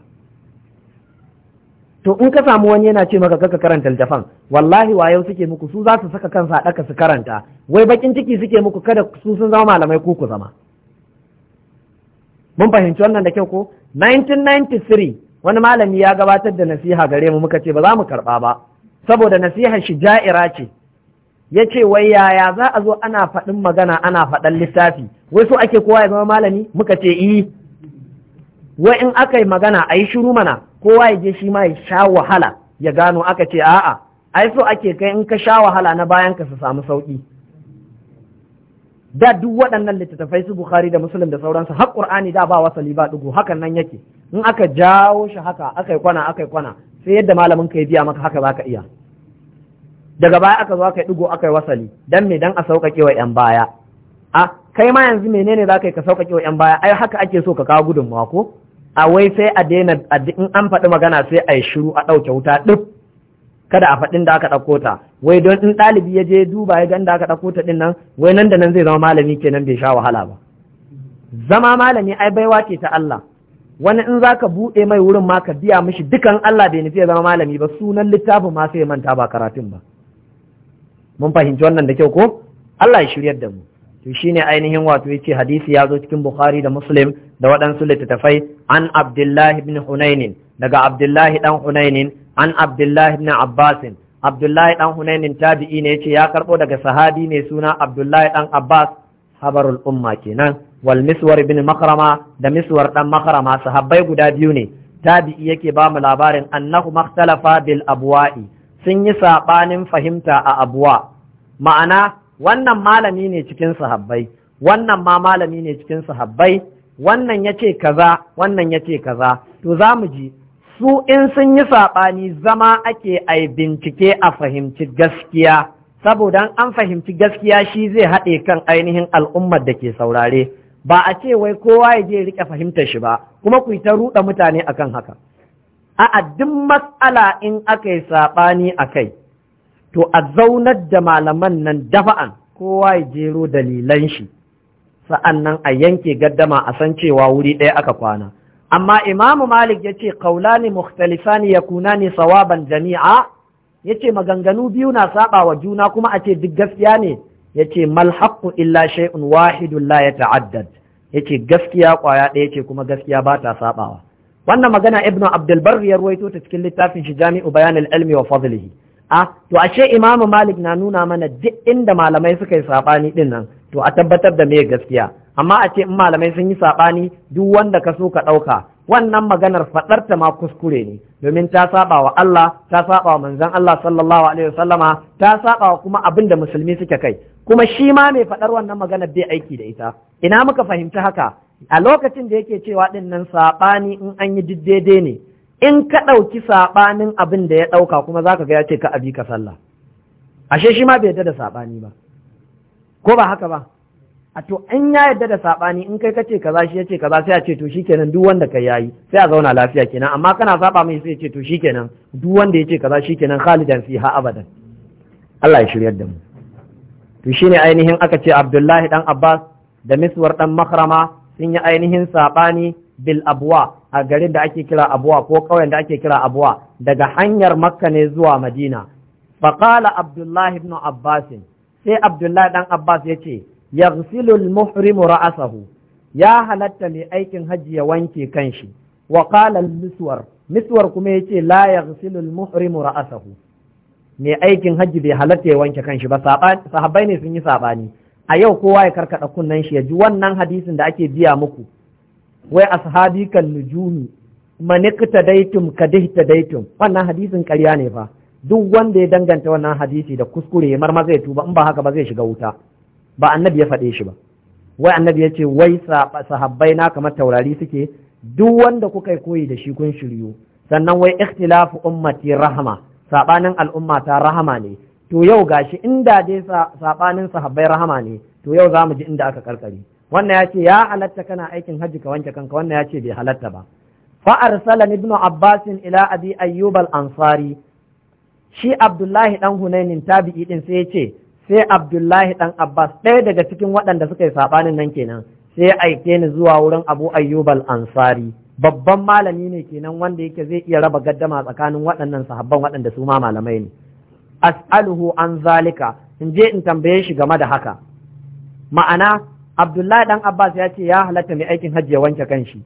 to in ka samu wani yana ce maka kaka karanta littafan wallahi yau suke muku su za su saka kansa a ɗaka su karanta wai bakin ciki suke muku kada su sun zama malamai ko ku zama mun fahimci wannan da kyau ko 1993 wani malami ya gabatar da nasiha gare mu muka ce ba za mu karɓa ba saboda nasiha shi ja'ira ce ya ce wai yaya za a zo ana faɗin magana ana faɗan littafi wai so ake kowa ya zama malami muka ce i eh. wai in aka yi magana a yi shiru mana kowa ya je shi ma ya sha wahala ya gano aka ce a'a ai so ake kai in ka sha wahala na bayan ka su samu sauki da duk waɗannan littattafai su bukhari da musulun da sauransu har da ba wasali ba ɗugu. hakan nan yake in aka jawo shi haka aka yi kwana aka yi kwana sai yadda malamin ka ya biya maka haka ka iya daga baya aka zo aka yi digo aka yi wasali dan me dan a sauƙaƙe wa yan baya a kai ma yanzu menene zaka yi ka sauƙaƙe wa yan baya ai haka ake so ka kawo gudun ko a wai sai a daina in an faɗi magana sai a yi shiru a ɗauke wuta duk kada a faɗin da aka ɗauko ta wai don in ɗalibi ya je duba ya ganda aka ɗauko ta ɗin nan wai nan da nan zai zama malami kenan bai sha wahala ba zama malami ai baiwa ce ta Allah wani in zaka buɗe mai wurin ma ka biya mishi dukan Allah bai nufi ya zama malami ba sunan littafin ma sai manta ba karatun ba mun fahimci wannan da kyau ko Allah ya shiryar da mu to shi ne ainihin wato yace hadisi ya zo cikin Bukhari da Muslim da waɗansu littattafai an Abdullahi ibn Hunainin daga Abdullahi dan Hunainin an Abdullahi bin Abbasin Abdullahi dan Hunainin tabi'i ne yace ya karɓo daga sahabi ne suna Abdullahi dan Abbas habarul umma kenan walmiswar bin makarama makrama da miswar dan makrama sahabbai guda biyu ne tabi'i yake ba mu labarin annahu makhtalafa bil abwa'i sun yi sabanin fahimta a abuwa. ma'ana wannan malami ne cikin sahabbai wannan ma malami ne cikin sahabbai wannan yace kaza wannan yace kaza to za mu ji su in sun yi saɓani zama ake ai bincike a fahimci gaskiya saboda an fahimci gaskiya shi zai haɗe kan ainihin al'ummar da ke saurare ba a ce wai kowa ya je rike fahimtar shi ba kuma ku ta ruɗa mutane akan haka a duk matsala in aka yi saɓani a kai to a zaunar da malaman nan dafa'an kowa ya jero dalilan shi sa'an nan a yanke gaddama a san cewa wuri ɗaya aka kwana amma imamu malik ya ce kaulani mukhtalifani ya kuna ne sawaban jami'a ya ce maganganu biyu na saɓa wa juna kuma a ce duk gaskiya ne yace mal haqqu illa shay'un wahidun la yata'addad yace gaskiya kwaya ɗaya ce kuma gaskiya ba ta sabawa wannan magana ibnu abdul barri ya ruwaito ta cikin littafin shi jami'u bayan ilmi wa fadlihi a to ashe imamu malik na nuna mana duk inda malamai suka yi sabani din nan to a tabbatar da me gaskiya amma a ce in malamai sun yi sabani duk wanda ka so ka ɗauka wannan maganar faɗar ta ma kuskure ne domin ta saba wa Allah ta saba wa manzon Allah sallallahu alaihi wasallama ta saba wa kuma abin da musulmi suke kai kuma shi ma mai faɗar wannan magana bai aiki da ita ina muka fahimci haka a lokacin da yake cewa ɗin nan saɓani in an yi daidai ne in ka ɗauki saɓanin abin da ya ɗauka kuma za ka ga ce ka abi ka sallah ashe shi ma bai yarda da saɓani ba ko ba haka ba a to in ya yarda da saɓani in kai ka ce kaza shi ya ce kaza sai a ce to shikenan duk wanda ka yayi sai a zauna lafiya kenan amma kana saɓa mai sai ya ce to shikenan duk wanda ya ce kaza shikenan khalidan ha abadan Allah ya shiryar da mu to ne ainihin aka ce abdullahi dan abbas da miswar dan makrama sun yi ainihin saɓani bil abuwa a garin da ake kira abuwa ko ƙauyen da ake kira abuwa daga hanyar makka ne zuwa madina faƙala abdullahi ibn abbasin sai abdullahi dan abbas ya ce yaghsilu muhrimu ra'asahu ya halatta mai aikin hajji ya wanke kanshi wa qala al-miswar miswar kuma yace la yaghsilu muhrimu ra'asahu mai aikin hajji bai halatta ya wanke kanshi ba sahabbai ne sun yi sabani a yau kowa ya karkada kunnen shi ya ji wannan hadisin da ake biya muku wai ashabi kan nujumi manikta daitum kadihta daitum wannan hadisin ƙarya ne fa duk wanda ya danganta wannan hadisi da kuskure ya marma zai tuba in ba haka ba zai shiga wuta ba annabi ya faɗe shi ba wai annabi ya ce wai sahabbai na kamar taurari suke duk wanda kuka koyi da shi kun shiryu sannan wai ikhtilafu ummati rahma sabanin al'umma ta rahama ne to yau gashi inda dai sabanin sahabbai rahama ne to yau zamu ji inda aka karkare wannan ya ya halatta kana aikin hajji ka wanke kanka wannan ya bai halatta ba fa arsala ibnu abbas ila abi ayyub al ansari shi abdullahi dan hunainin tabi'i din sai yace sai abdullahi dan abbas ɗaya daga cikin waɗanda suka yi sabanin nan kenan sai ya aike ni zuwa wurin abu ayyub al ansari babban malami ne kenan wanda yake zai iya raba gaddama tsakanin waɗannan sahabban waɗanda su ma malamai ne as'aluhu an zalika in je in tambaye shi game da haka ma'ana abdullahi ɗan abbas ya ce ya halatta mai aikin hajji ya wanke kanshi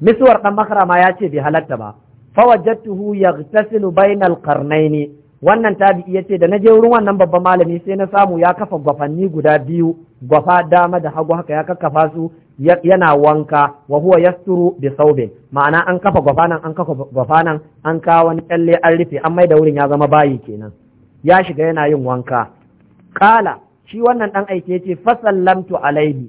misuwar dan makarama ya ce bai halatta ba fawajadtuhu yaghtasilu bainal ne. wannan tabi'i ce da na je wurin wannan babban malami sai na samu ya kafa gwafanni guda biyu gwafa dama da hagu haka ya kakkafa su yana wanka wa huwa yasturu bi saube ma'ana an kafa gwafa nan an kafa gwafa nan an kawo wani kyalle an rufe an mai da wurin ya zama bayi kenan ya shiga yana yin wanka kala shi wannan dan aike yace fa sallamtu alaihi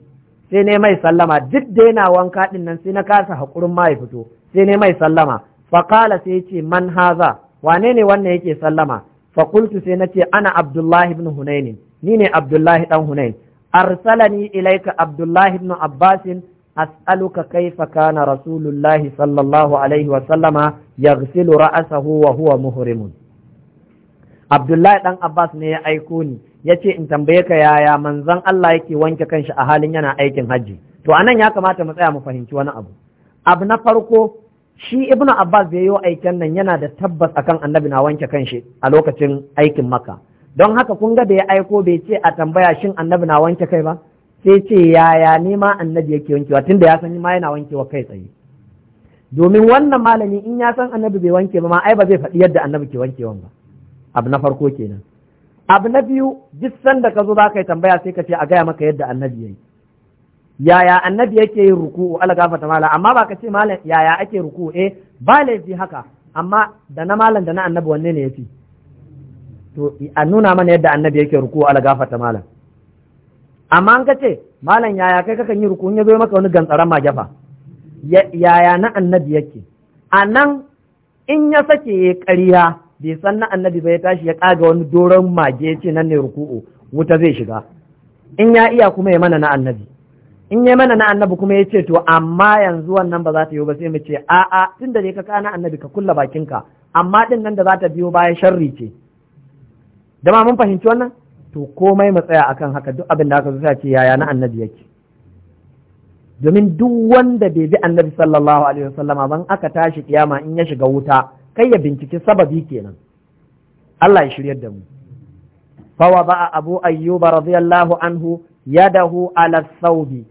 sai ne mai sallama duk da yana wanka din sai na kasa hakurin ma fito sai ne mai sallama fa kala sai ce man haza wane ne wannan yake sallama fa qultu sai nace ana abdullahi ibn hunain ni ne abdullahi dan hunain arsalani ilaika abdullahi ibn abbas as'aluka kaifa kana rasulullahi sallallahu alaihi wa sallama yaghsilu ra'sahu wa huwa muhrimun abdullahi dan abbas ne ya aiko ni yace in tambaye ka yaya manzon Allah yake wanke kanshi a halin yana aikin hajji to anan ya kamata mu tsaya mu fahimci wani abu abu na farko shi ibnu abbas yi wa aikin nan yana da tabbas akan annabi na wanke kanshi a lokacin aikin makka don haka kun ga da ya aiko bai ce a tambaya shin annabi na wanke kai ba sai ce yaya ne ma annabi yake wankewa tunda ya san ma yana wankewa kai tsaye domin wannan malami in ya san annabi bai wanke ba ma ai ba zai faɗi yadda annabi ke wankewan ba abu na farko kenan abu na biyu duk sanda ka zo za ka yi tambaya sai ka ce a gaya maka yadda annabi ya yi yaya annabi yake yin ruku'u ala gafata mala amma ba ka ce malam yaya ake ruku'u eh ba laifi haka amma da na malam da na annabi wanne ne yafi to a nuna mana yadda annabi yake ruku'u ala gafata malam amma an ka ce malam yaya kai kakan yi ruku'u in zo maka wani gantsaran majafa yaya na annabi yake a nan in ya sake ya ƙarya bai san na annabi bai tashi ya kaga wani doron mage ce nan ne ruku'u wuta zai shiga in ya iya kuma ya mana na annabi in yi mana na annabi kuma ya ce to amma yanzu wannan ba za ta yi ba sai mu ce a'a tun da ne ka kana annabi ka kulla bakinka amma din nan da za ta biyo baya sharri ce da ma mun fahimci wannan to komai mu tsaya akan haka duk abin da aka zo ce yaya na annabi yake domin duk wanda bai bi annabi sallallahu alaihi wasallama ban aka tashi kiyama in ya shiga wuta kai ya binciki sababi kenan Allah ya shiryar da mu fa wa ba abu ayyuba radiyallahu anhu yadahu ala thawbi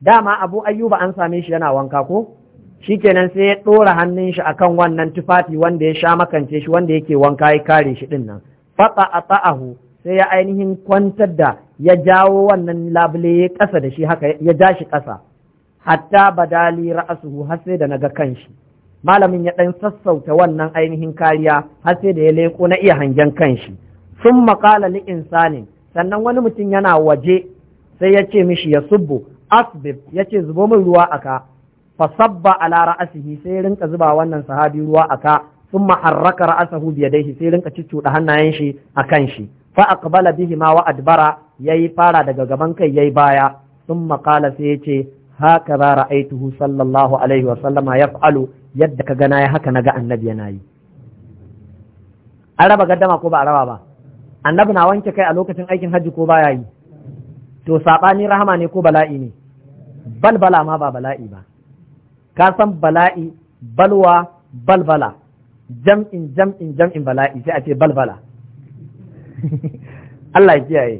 dama abu ayyuba an same shi yana wanka ko Shi kenan sai ya ɗora hannun shi akan wannan tufafi wanda ya sha makance shi wanda yake wanka ya kare shi din nan fata ata'ahu sai ya ainihin kwantar da ya jawo wannan labule ya ƙasa da shi haka ya ja shi ƙasa hatta badali ra'asuhu har sai da naga kanshi malamin ya ɗan sassauta wannan ainihin kariya har sai da ya leko na iya hangen kanshi sun maƙala li insanin sannan wani mutum yana waje sai ya ce mishi ya subbu asbib yace zubo min ruwa aka fasabba ala ra'asihi sai rinka zuba wannan sahabi ruwa aka thumma harraka ra'asahu bi yadayhi sai rinka ciccuda hannayen shi akan shi fa aqbala bihi ma wa adbara yayi fara daga gaban kai yayi baya thumma qala sai yace haka ba ra'aituhu sallallahu alaihi wa sallama yaf'alu yadda ka gana ya haka naga annabi yana yi an raba gaddama ko ba a raba ba annabi na wanke kai a lokacin aikin hajji ko baya yi to saɓani rahama ne ko bala'i ne balbala ma ba bala'i ba ka san bala'i balwa balbala jam'in jam'in jam'in bala'i sai a ce balbala Allah ya kiyaye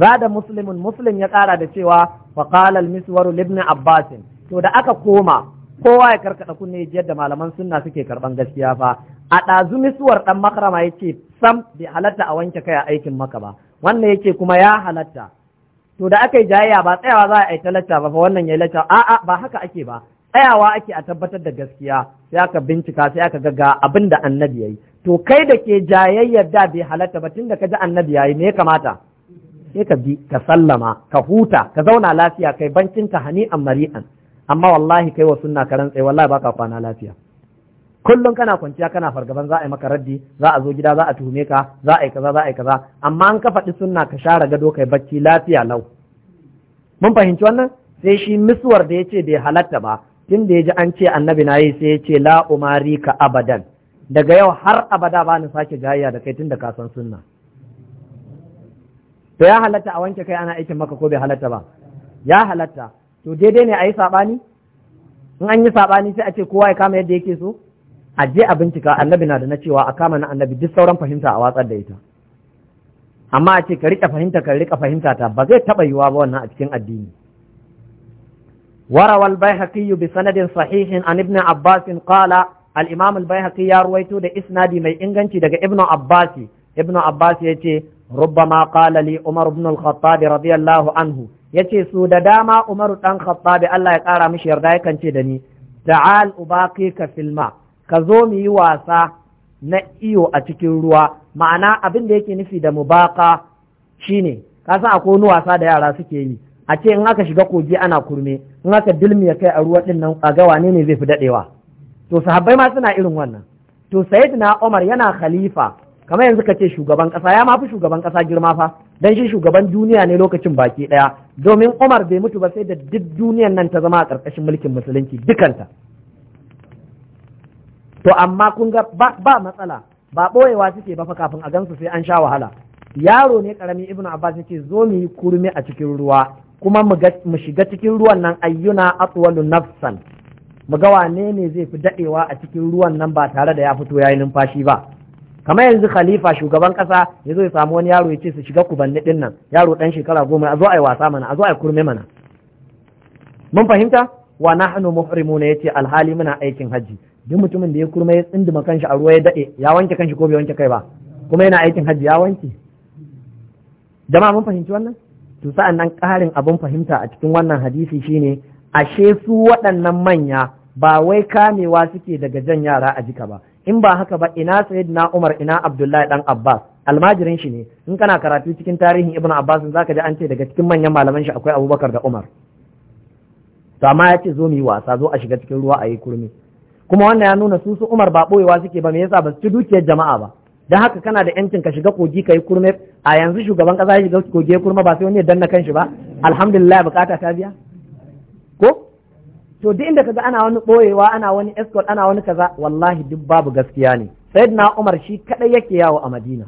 zada muslimun muslim ya kara da cewa wa qala al miswaru ibn abbas to da aka koma kowa ya karkada kunne yadda malaman sunna suke karban gaskiya fa a ɗazu miswar dan makarama yace sam bai halatta a wanke kai a aikin maka ba wannan yake kuma ya halatta to da aka yi jayayya ba tsayawa za a yi lacca ba fa wannan ya lacca a'a ba haka ake ba tsayawa ake a tabbatar da gaskiya sai aka bincika sai aka gaga abin da annabi yi." to kai da ke jayayyar da bai halatta ba tun da ka ji annabi ya yi me ya kamata sai ka bi ka sallama ka huta ka zauna lafiya kai bancin ta hani mari'an amma wallahi kai wa sunna ka rantsai wallahi baka kwana lafiya kullum kana kwanciya kana fargaban za a yi maka raddi za a zo gida za a tuhume ka za a yi kaza za a yi kaza amma an ka faɗi sunna ka share gado kai bacci lafiya lau mun fahimci wannan sai shi miswar da ya ce bai halatta ba tun da ya ji an ce annabi na yi sai ya ce la umari ka abadan daga yau har abada ba ni sake jayayya da kai tun da ka san sunna to ya halatta a wanke kai ana aikin maka ko bai halatta ba ya halatta to daidai ne a yi saɓani in an yi saɓani sai a ce kowa ya kama yadda yake so a je a bincika annabi na da na cewa a kama na annabi duk sauran fahimta a watsar da ita amma a ce ka riƙa fahimta ka riƙa fahimta ta ba zai taɓa yiwuwa ba a cikin addini warawal bai bi sanadin sahihin an ibn abbasin qala al imam al ya ruwaito da isnadi mai inganci daga Ibnu Abbasi. ibn abbas ya ce rubbama qala li umar ibn radiyallahu anhu ya ce su da dama umaru dan khattab Allah ya kara mashi yarda yakan ce da ni ta'al ubaqika fil ma' ka zo mu yi wasa na iyo a cikin ruwa ma'ana abin da yake nufi da mubaka shine ka san akwai wani wasa da yara suke yi a ce in aka shiga kogi ana kurme in aka ya kai a ruwa din nan a ga wane ne zai fi dadewa to sahabbai ma suna irin wannan to sayyidina Umar yana khalifa kamar yanzu ka ce shugaban kasa ya ma fi shugaban kasa girma fa dan shi shugaban duniya ne lokacin baki daya domin Umar bai mutu ba sai da duk duniyar nan ta zama a karkashin mulkin musulunci dukanta to amma kun ga ba matsala ba ɓoyewa suke ba fa kafin a gansu sai an sha wahala yaro ne karami ibnu abbas yake zo mu yi kurmi a cikin ruwa kuma mu shiga cikin ruwan nan ayyuna atwalu nafsan mu ga wane ne zai fi dadewa a cikin ruwan nan ba tare da ya fito yayin numfashi ba kamar yanzu khalifa shugaban kasa ya zo ya samu wani yaro ya ce su shiga kubanni din nan yaro dan shekara goma a zo a yi wasa mana a zo a yi kurme mana mun fahimta wa nahnu muhrimuna yace alhali muna aikin hajji duk mutumin da ya kurma ya tsinduma kanshi a ruwa ya daɗe, ya wanke kanshi ko bai wanke kai ba kuma yana aikin hajji ya wanke jama'a mun fahimci wannan to sa'an nan ƙarin abin fahimta a cikin wannan hadisi shine ashe su waɗannan manya ba wai kamewa suke daga jan yara a jika ba in ba haka ba ina sayyidina Umar ina Abdullahi dan Abbas almajirin shi ne in kana karatu cikin tarihin Ibn Abbas zaka ji an ce daga cikin manyan malaman shi akwai Abubakar da Umar to amma ya ce zo mu yi wasa zo a shiga cikin ruwa a yi kurmi kuma wannan ya nuna su su Umar ba boyewa suke ba me yasa ba su ci dukiyar jama'a ba dan haka kana da yancin ka shiga kogi kai kurme a yanzu shugaban kasa ya shiga kogi ya kurma ba sai wani ya danna kanshi ba alhamdulillah bukata ta biya ko to duk inda kaga ana wani boyewa ana wani escort ana wani kaza wallahi duk babu gaskiya ne na Umar shi kaɗai yake yawo a Madina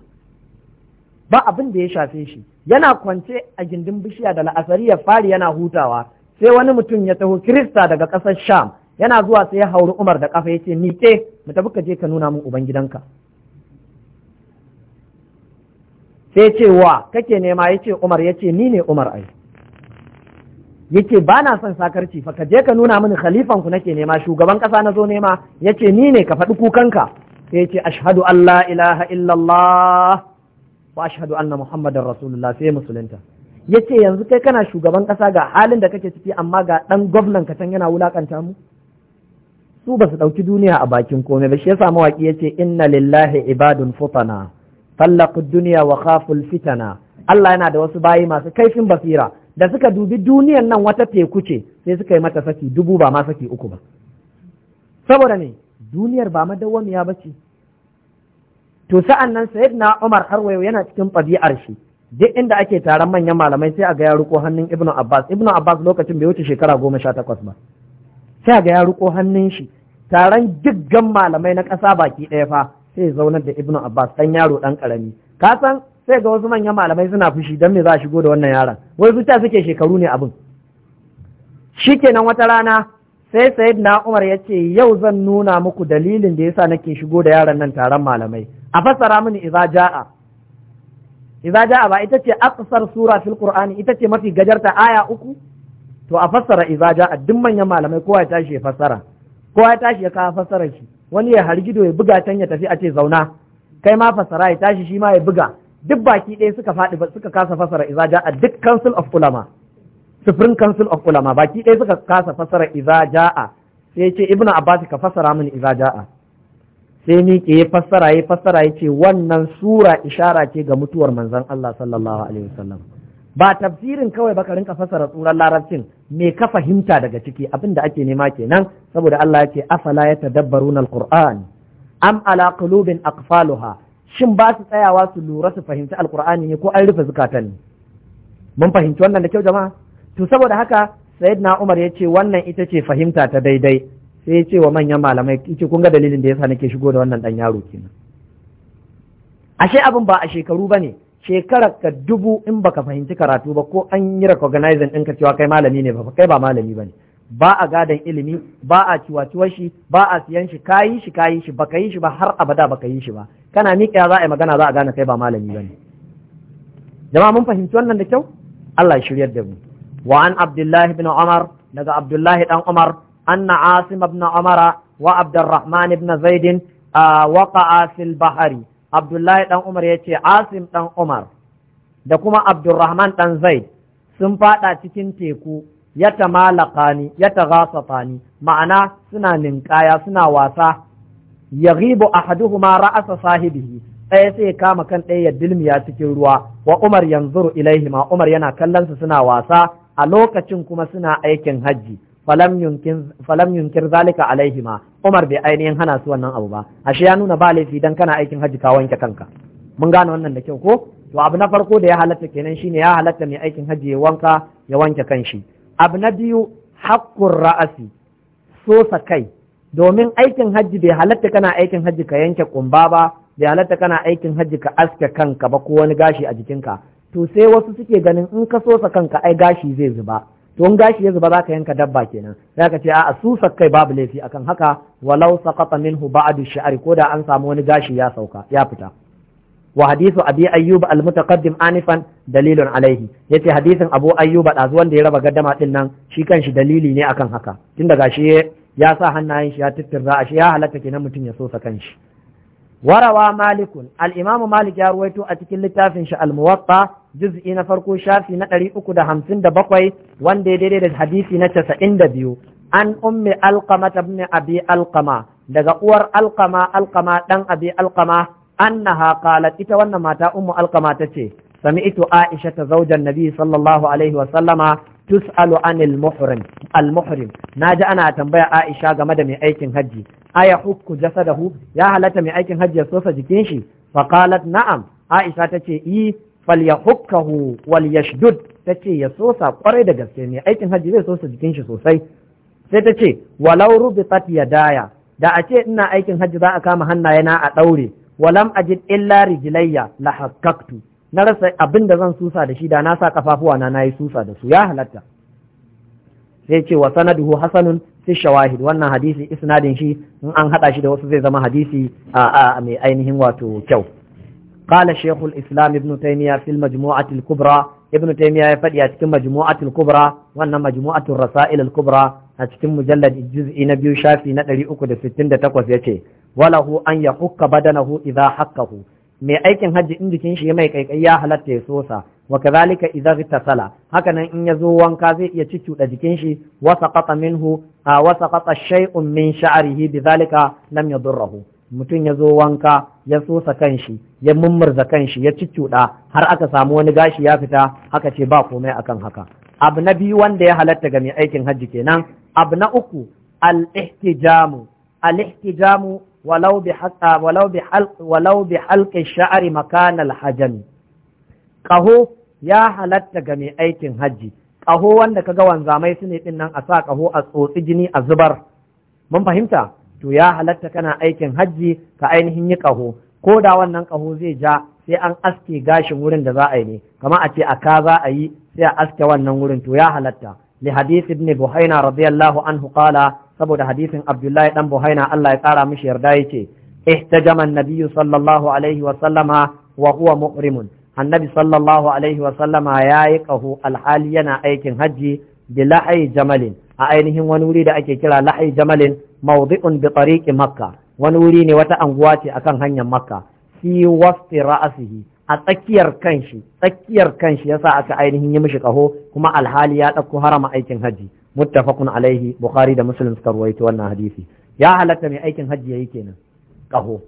ba abin da ya shafe shi yana kwance a gindin bishiya da la'asari ya fari yana hutawa sai wani mutum ya taho kirista daga kasar sham yana zuwa sai ya hauri Umar da kafa ni miƙe mu tafi ka je ka nuna min ubangidanka sai ce wa kake nema ya ce Umar ce ni ne Umar ai ce ba na son sakarci fa ka je ka nuna mini khalifan ku nake nema shugaban kasa na zo nema ce ni ne ka faɗi kukanka sai yace ashhadu an la ilaha illallah wa ashhadu anna muhammadar rasulullah sai musulunta ce yanzu kai kana shugaban kasa ga halin da kake ciki amma ga dan gwamnan ka can yana wulakanta mu su ba su ɗauki duniya a bakin komai ba shi ya samu waƙi ya ce inna lillahi ibadun futana tallaqu duniya wa khaful fitana Allah yana da wasu bayi masu kaifin basira da suka dubi duniyan nan wata teku ce sai suka yi mata saki dubu ba ma saki uku ba saboda ne duniyar ba madawwamiya ba ce to sa'an nan na Umar har Harwayo yana cikin ɓabi'ar shi duk inda ake taron manyan malamai sai a ga ya riko hannun Ibnu Abbas Ibnu Abbas lokacin bai wuce shekara goma sha takwas ba sai a ga ya riko hannun shi taron jiggan malamai na ƙasa baki ɗaya fa sai zaunar da ibnu abbas ɗan yaro ɗan ƙarami ka san sai ga wasu manyan malamai suna fushi don me za a shigo da wannan yaran? wai zuciya suke shekaru ne abin shikenan wata rana sai sayid na umar ya ce yau zan nuna muku dalilin da yasa nake shigo da yaron nan taron malamai a fassara mini iza ja'a iza ja'a ba ita ce aqsar sura fil qur'ani ita ce mafi gajarta aya uku to a fassara iza ja'a duk manyan malamai kowa ya tashi ya fassara kowa ya tashi ya kawo fasarar shi wani ya hargido ya buga can ya tafi a ce zauna kai ma fasara ya tashi shi ma ya buga duk baki ɗaya suka faɗi suka kasa fasara iza ja'a duk council of ulama supreme council of ulama baki ɗaya suka kasa fasara iza ja'a sai ya ce ibnu abbas ka fasara mini iza ja'a sai ni ke fassara ya fassara ya ce wannan sura ishara ce ga mutuwar manzon Allah sallallahu alaihi wasallam ba tafsirin kawai ba ka rinka fasara tsuran larabcin me ka fahimta daga ciki abin da ake nema kenan saboda Allah ya ce afala Alƙur'ani. alquran am ala qulubin aqfaluha shin ba su tsayawa su lura su fahimci alqur'ani ne ko an rufe zukatan ne mun fahimci wannan da kyau jama'a to saboda haka sayyidina Umar ya ce wannan ita ce fahimta ta daidai sai ya ce wa manyan malamai ce kun ga dalilin da yasa nake shigo da wannan dan yaro kenan ashe abin ba a shekaru bane shekarar ka dubu in baka fahimci karatu ba ko an yi recognizing ɗinka cewa kai malami ne ba kai ba malami ba ne ba a gadon ilimi ba a ciwaciwar shi ba a siyan shi ka yi shi ka yi shi baka yi shi ba har abada baka yi shi ba kana miƙa za a yi magana za a gane kai ba malami ba ne. jama'a mun fahimci wannan da kyau Allah ya shiryar da mu wa an Abdullahi ibn Umar daga Abdullahi dan Umar anna Asim ibn Umara wa Abdurrahman ibn Zaid ah, waqa'a fil bahari abdullahi ɗan umar ya ce asim ɗan umar da kuma Abdulrahman ɗan zaid sun faɗa cikin teku ya ni, ya ma'ana suna ninkaya suna wasa Ya yaghibu ma ra'asa sahibihi ɗaya sai kama kan ɗaya ya dilmiya cikin ruwa wa umar yanzuru ilaihima umar yana kallon suna wasa a lokacin kuma suna aikin hajji falam yunkir zalika alaihi ma. Umar bai ainihin hana su wannan abu ba ashe ya nuna ba laifi dan kana aikin haji ka wanke kanka mun gane wannan da kyau ko to abu na farko da ya halatta kenan shine ya halatta mai aikin haji ya wanka ya wanke kanshi abu na biyu haƙƙun ra'asi sosa kai domin aikin hajji bai halatta kana aikin hajji ka yanke kumba ba bai halatta kana aikin hajji ka aske kanka ba ko wani gashi a jikinka to sai wasu suke ganin in ka sosa kanka ai gashi zai zuba to in gashi ya zuba ka yanka dabba kenan zaka ce a susar kai babu laifi akan haka walau saqata minhu ba'du shar ko da an samu wani gashi ya sauka ya fita wa hadithu abi ayyub al-mutaqaddim anifan dalilun alaihi yace hadisin abu ayyub dazu wanda ya raba gaddama din nan shi kanshi dalili ne akan haka tunda gashi ya sa hannayen shi ya tittirza ashe ya halatta kenan mutum ya sosa kanshi warawa malikun al'imamu malik ya ruwaito a cikin littafin shi al-muwatta juz'i na farko shafi na ɗari uku da hamsin da bakwai wanda ya daidai da hadisi na casa'in da biyu an ummi alqama tabni abi alqama daga uwar alqama alqama dan abi alqama annaha qalat ita wannan mata ummu ta ce. sami'tu aisha ta zaujan nabi sallallahu alaihi wa sallama tus'alu anil muhrim al muhrim naji ana tambaya Aisha game da mai aikin haji aya hukku jasadahu ya halatta mai aikin haji ya sosa jikin shi fa qalat na'am Aisha tace i falyahukkahu wal yashdud tace ya sosa kwarai da gaske mai aikin haji zai sosa jikin shi sosai sai tace walau rubitat yadaya da a ce ina aikin haji za a kama hannayena a daure walam ajid illa rijlayya la hakkaktu na rasa abin da zan susa da shi da na sa kafafuwa na na yi susa dasu. ya halatta sai ce wa sanaduhu hasanun fi shawahid wannan hadisi isnadin shi in an haɗa shi da wasu zai zama hadisi a mai ainihin wato kyau qala shaykhul islam ibn taymiya fil majmu'at kubra ibn taymiya ya faɗi a cikin majmu'at kubra wannan majmu'atul Rasa'ilal kubra a cikin mujallad juz'i na biyu shafi na ɗari da sittin 368 yace walahu an yahukka badanahu idha hakkahu mai aikin hajji in jikin shi mai kaikai ya halatta ya sosa wa kazalika idza tasala? haka nan in yazo wanka zai iya cuccuda jikin shi wa saqata minhu a wa saqata shay'un min sha'rihi bidhalika lam yadurruhu mutum ya zo wanka ya sosa kanshi ya mummurza kanshi ya cuccuda har aka samu wani gashi ya fita haka ce ba komai akan haka abu na biyu wanda ya halatta ga mai aikin hajji kenan abu na uku al-ihtijamu al-ihtijamu walau bi hatta ah, walau bi halq walau sha'ri ya halatta ga mai aikin hajji ƙaho wanda kaga wanzamai sune din nan a sa ƙaho a tsotsi jini a zubar mun fahimta to ya halatta kana aikin hajji ka ainihin yi ƙaho ko da wannan ƙaho zai ja sai an aske gashin wurin da za a yi ne kama a ce a ka za a yi sai a aske wannan wurin to ya halatta li hadith ibn buhaina radiyallahu anhu qala saboda hadisin Abdullahi dan Buhaina Allah ya kara mishi yarda yace ihtajama an-nabiyyu sallallahu alaihi wa sallama wa huwa muhrimun annabi sallallahu alaihi wa sallama yayi qahu alhali yana aikin haji bi la'i jamalin a ainihin wani wuri da ake kira la'i jamalin mawdi'un bi tariqi makka wani wuri ne wata anguwa ce akan hanyar makka fi wasti ra'asihi a tsakiyar kanshi tsakiyar kanshi yasa aka ainihin yi mishi kaho kuma alhali ya ɗauko harama aikin hajji. muttafaqun alaihi bukhari da muslim suka ruwaito wannan hadisi ya halatta mai aikin hajji yayi kenan kaho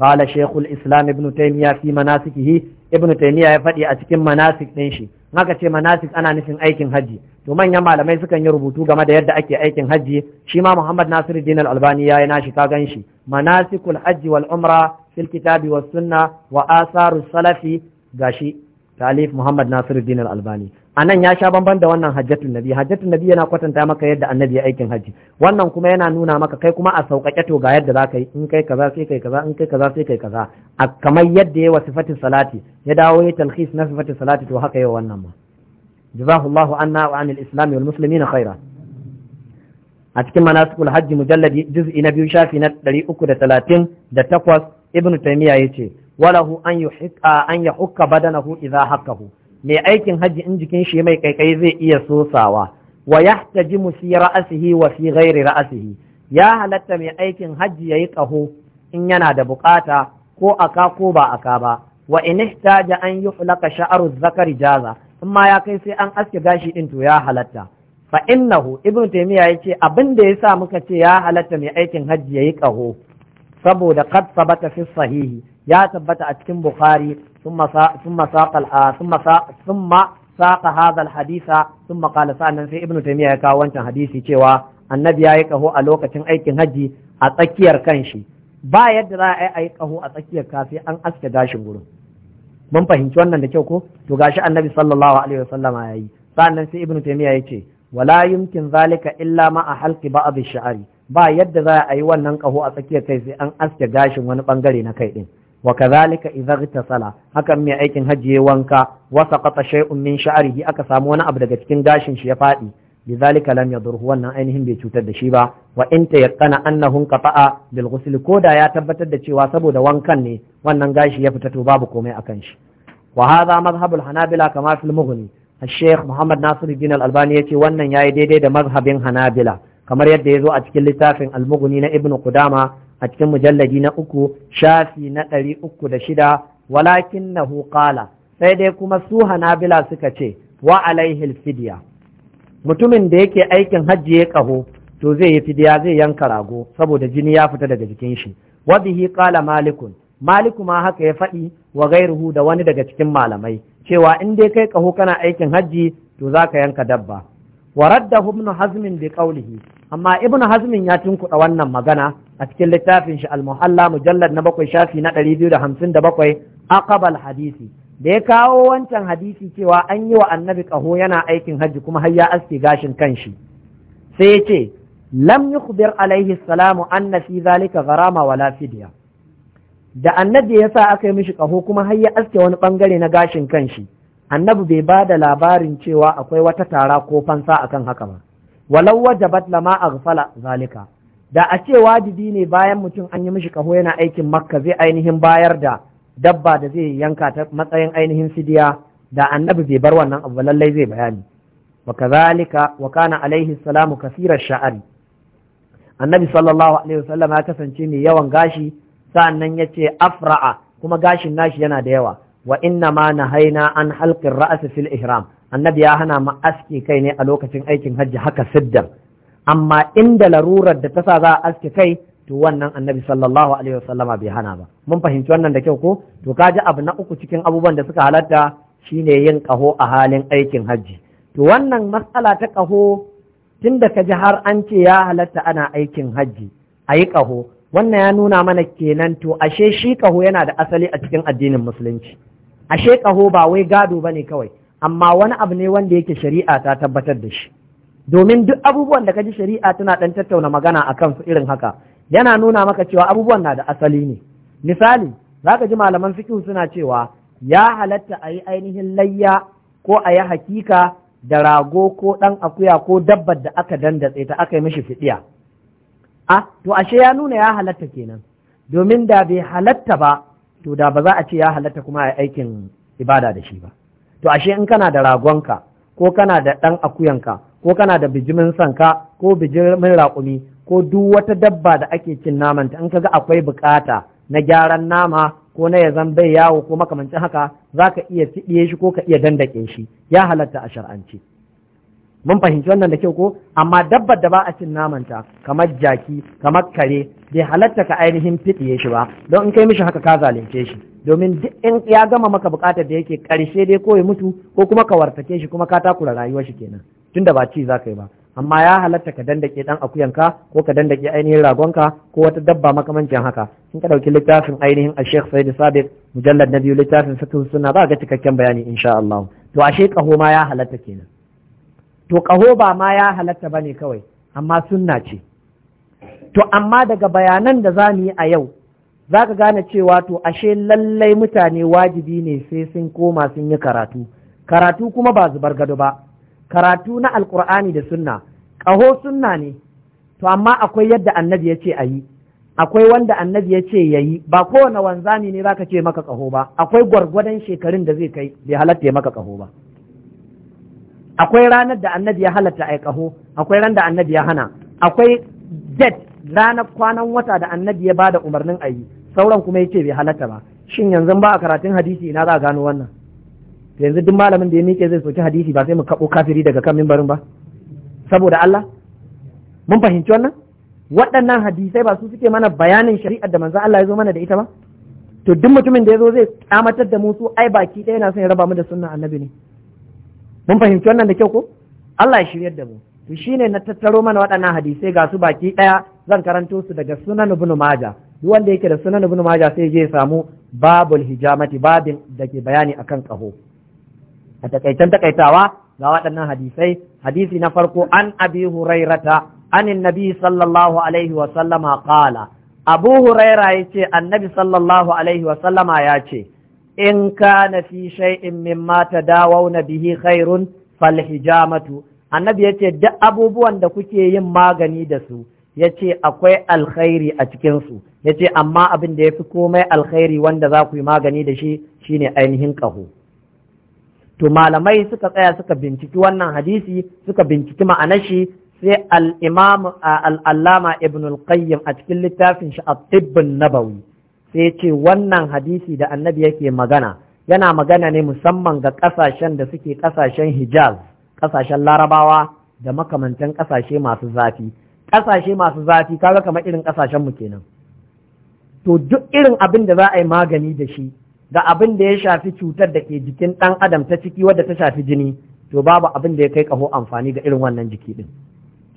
qala shaykhul islam ibn taymiya fi manasikihi ibn taymiya ya faɗi a cikin manasik ɗin shi haka ce manasik ana nufin aikin hajji. to manyan malamai sukan yi rubutu game da yadda ake aikin hajji. shi ma muhammad nasiruddin al-albani ya yi nashi ka gan shi manasikul hajji wal umra fil kitabi wa sunna wa asaru salafi gashi talif muhammad nasiruddin al-albani anan ya sha bamban da wannan hajjatul nabi hajjatul nabi yana kwatanta maka yadda annabi ya aikin haji wannan kuma yana nuna maka kai kuma a sauƙaƙe to ga yadda zaka yi in kai kaza sai kai kaza in kai kaza sai kai kaza a kamar yadda ya sifatin salati ya dawo ya talhis na sifati salati to haka yau wannan ma jazahullahu anna wa anil islam wal muslimin khaira a cikin manasikul hajji mujalladi juz'i na biyu shafi na 338 ibn taymiya yace walahu an yuhiqa an yahukka badanahu idza hakahu mai aikin haji in jikin shi mai kaikai zai iya sosawa wa yahtajimu fi ra'sihi wa fi ghairi ra'sihi ya halatta mai aikin haji yayi kaho in yana da bukata ko aka ko ba aka ba wa in ihtaja an yuhlaka sha'ru zakari jaza in ma ya kai sai an aske gashi din to ya halatta fa innahu ibn taymiya yace abin da yasa muka ce ya halatta mai aikin haji yi kaho saboda qad sabata fi sahihi ya tabbata a cikin bukhari thumma thumma saqa ah, thumma thumma saqa hadha al haditha thumma qala sa'an sai ibnu taymiya ya kawo wancan hadisi cewa annabi ya yi kaho a lokacin aikin hajji a tsakiyar kanshi ba yadda za a yi kaho a tsakiyar ka an aske gashin gurin mun fahimci wannan da kyau ko to gashi annabi sallallahu alaihi wasallama ya yi sa'annan sai ibnu taymiya ya ce wala yumkin zalika illa ma a halki ba'd ash-sha'ri ba yadda za a yi wannan kaho a tsakiyar kai sai an aske gashin wani bangare na kai ɗin wa kadhalika idza ghtasala hakan mai aikin hajjiye ya wanka wa saqata shay'un min sha'rihi aka samu wani abu daga cikin gashin shi ya faɗi. lidhalika lam yadurhu wannan ainihin bai cutar da shi ba wa in tayaqqana annahu qata'a bil ghusl da ya tabbatar da cewa saboda wankan ne wannan gashi ya fita to babu komai akan shi wa hadha madhhabul hanabila kama fil mughni الشيخ محمد ناصر الدين الألباني يقول wannan yayi daidai da mazhabin hanabila kamar yadda ya zo a cikin littafin almuguni na ibnu kudama a cikin mujalladi na uku shafi na ɗari uku da shida walakin na hukala sai dai kuma su hanabila suka ce wa alaihil fidya mutumin da yake aikin hajji ya ƙaho to zai yi fidiya zai yanka rago saboda jini ya fita daga jikin shi wa bihi qala malikun maliku ma haka ya faɗi wa gairuhu da wani daga cikin malamai cewa in dai kai ƙaho kana aikin hajji to zaka yanka dabba wa raddahu ibn hazm bi qawlihi amma ibn Hazmin ya tunkuɗa wannan magana a cikin littafin shi al Mujallar na bakwai shafi na ɗari 257 aqabal hadisi da ya kawo wancan hadisi cewa an yi wa annabi kaho yana aikin hajji kuma har ya aske gashin kanshi sai ya ce lam yukhbir alaihi salamu anna fi zalika gharama wala fidya da annabi ya sa aka yi mishi ƙaho kuma har ya aske wani bangare na gashin kanshi annabi bai ba da labarin cewa akwai wata tara ko fansa akan haka ba walau wajabat lama gafala zalika da a ce wajibi ne bayan mutum an yi mishi kaho yana aikin makka zai ainihin bayar da dabba da zai yanka ta matsayin ainihin sidiya. da annabi bai bar wannan abu lallai zai bayani wa kazalika wa kana alaihi salamu kasirar sha'ari annabi sallallahu alaihi wasallam ya kasance mai yawan gashi sa'annan ce afra'a kuma gashin nashi yana da yawa wa inna ma haina an halkin ra's fil ihram annabi ya hana mu aske kai ne a lokacin aikin hajji haka siddan amma inda larurar da ta sa za a aske kai to wannan annabi sallallahu alaihi wasallama bai hana ba mun fahimci wannan da kyau ko to kaji abu na uku cikin abubuwan da suka halatta shine yin kaho a halin aikin hajji to wannan matsala ta kaho tunda kaji har an ce ya halatta ana aikin hajji a yi kaho wannan ya nuna mana kenan to ashe shi kaho yana da asali a cikin addinin musulunci ashe ƙaho ba wai gado ba ne kawai amma wani abu ne wanda yake shari'a ta tabbatar da shi domin duk abubuwan da ka ji shari'a tana ɗan tattauna magana a kansu irin haka yana nuna maka cewa abubuwan na da asali ne misali za ka ji malaman fikihu suna cewa ya halatta a yi ainihin layya ko a yi hakika da rago ko ɗan akuya ko dabbar da aka dandatse ta aka yi mishi fiɗiya a ah, to ashe ya nuna ya halatta kenan domin da bai halatta ba to da ba za a ce ya halatta kuma a aikin ibada da shi ba to ashe in kana da ragonka ko kana da ɗan akuyanka ko kana da bijimin sanka ko bijimin raƙumi ko duk wata dabba da ake cin namanta in ka ga akwai bukata na gyaran nama ko na ya zan bai yawo ko makamancin haka za ka iya fiɗiye shi ko ka iya dandake shi ya halatta a shar'ance. mun fahimci wannan da kyau ko amma dabbar da ba a cin namanta kamar jaki kamar kare bai halatta ka ainihin fiɗiye shi ba don in kai mishi haka ka zalunce shi domin duk in ya gama maka bukatar da yake ƙarshe dai ko ya mutu ko kuma ka wartake shi kuma ka takura rayuwar shi kenan tunda ba ci za ka yi ba amma ya halatta ka dandake dan akuyanka ko ka dandake ainihin ragonka ko wata dabba makamancin haka in ka dauki littafin ainihin a Sheikh Said Sabiq mujallad na biyu littafin satun suna ba ga cikakken bayani insha Allah to ashe kaho ma ya halatta kenan to ƙaho ba ma ya halatta ba ne kawai amma sunna ce to amma daga bayanan da za mu yi a yau za ka gane cewa to ashe lallai mutane wajibi ne sai sun koma sun yi karatu karatu kuma ba zubar gado ba karatu na Alƙur'ani da sunna ƙaho sunna ne to amma akwai yadda annabi ya ce a yi akwai wanda annabi ya ce ya yi ba kowane wanzami ne za ka ce maka ƙaho ba akwai gwargwadon shekarun da zai kai bai halatta ya maka ƙaho ba akwai ranar da annabi ya halatta a ƙaho akwai ran da annabi ya hana akwai jet ranar kwanan wata da annabi ya bada umarnin ayi sauran kuma ya bai halatta ba shin yanzu ba a karatun hadisi ina za a gano wannan yanzu duk malamin da ya miƙe zai soki hadisi ba sai mu kaɓo kafiri daga kan mimbarin ba saboda Allah mun fahimci wannan waɗannan hadisai ba su suke mana bayanin shari'ar da manzo Allah ya zo mana da ita ba to duk mutumin da ya zo zai kamatar da mu su ai baki ɗaya na son ya raba mu da sunnan annabi ne mun fahimci wannan da kyau ko Allah ya shiryar da mu to ne na tattaro mana waɗannan hadisai ga su baki ɗaya zan karanto su daga sunan ibn maja duk wanda yake da sunan ibn maja sai je samu babul hijamati babin da ke bayani akan kaho a takaitan takaitawa ga waɗannan hadisai hadisi na farko an abi hurairata an annabi sallallahu alaihi wa sallama qala abu huraira yace annabi sallallahu alaihi wa sallama yace in kana fi shay'in mimma tadawawna bihi khairun fal hijamatu annabi yace duk abubuwan da kuke yin magani da su yace akwai alkhairi a cikinsu, su yace amma abin da yafi komai alkhairi wanda za ku yi magani da shi shine ainihin ƙaho to malamai suka tsaya suka binciki wannan hadisi suka binciki ma'anar shi sai al-imam al-allama ibn al-qayyim a cikin littafin shi at-tibb nabawi sai ce wannan hadisi da annabi yake magana yana magana ne musamman ga ƙasashen da suke ƙasashen hijaz ƙasashen larabawa da makamantan ƙasashe masu zafi ƙasashe masu zafi kaga kamar irin ƙasashen mu kenan to duk irin abin da za a yi magani da shi ga abin da ya shafi cutar da ke jikin ɗan adam ta ciki wadda ta shafi jini to babu abin da ya kai ƙaho amfani ga irin wannan jiki din.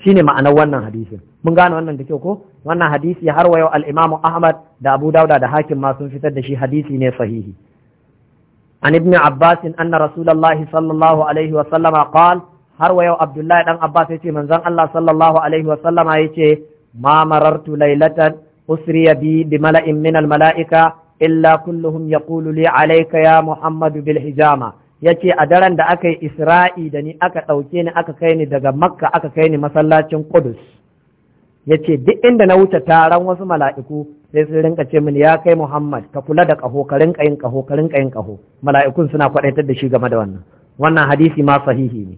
ne ma'anar wannan hadisin mun gane wannan da kyau ko wannan hadisi har wa yau al Ahmad da Abu dauda da Hakim ma sun fitar da shi hadisi ne sahihi an ibn Abbas anna Rasulullahi sallallahu alaihi wa sallama qala har wa yau Abdullahi dan Abbas yace manzon Allah sallallahu alaihi wa sallama yace ma marartu laylatan usriya bi bi mala'in min malaika illa kulluhum yaqulu li alayka ya Muhammad bil hijama Yace a daren da aka yi isra'i da ni aka ɗauke ni aka kai ni daga makka aka kai ni masallacin kudus Yace duk inda na wuce taron wasu mala'iku sai sun rinka ce mini ya kai muhammad ka kula da ƙaho ka rinka yin ƙaho ka rinka yin ƙaho mala'ikun suna kwadaitar da shi game da wannan wannan hadisi ma sahihi ne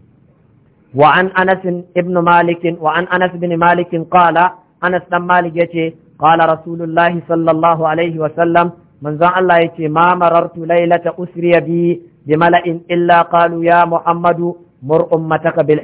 wa an anas ibn malik wa an anas bin malik qala anas dan malik yace qala rasulullahi sallallahu alaihi wa sallam manzon Allah yace ma marartu lailata usriya bi bimala'in illa qalu ya muhammadu mur ummataka bil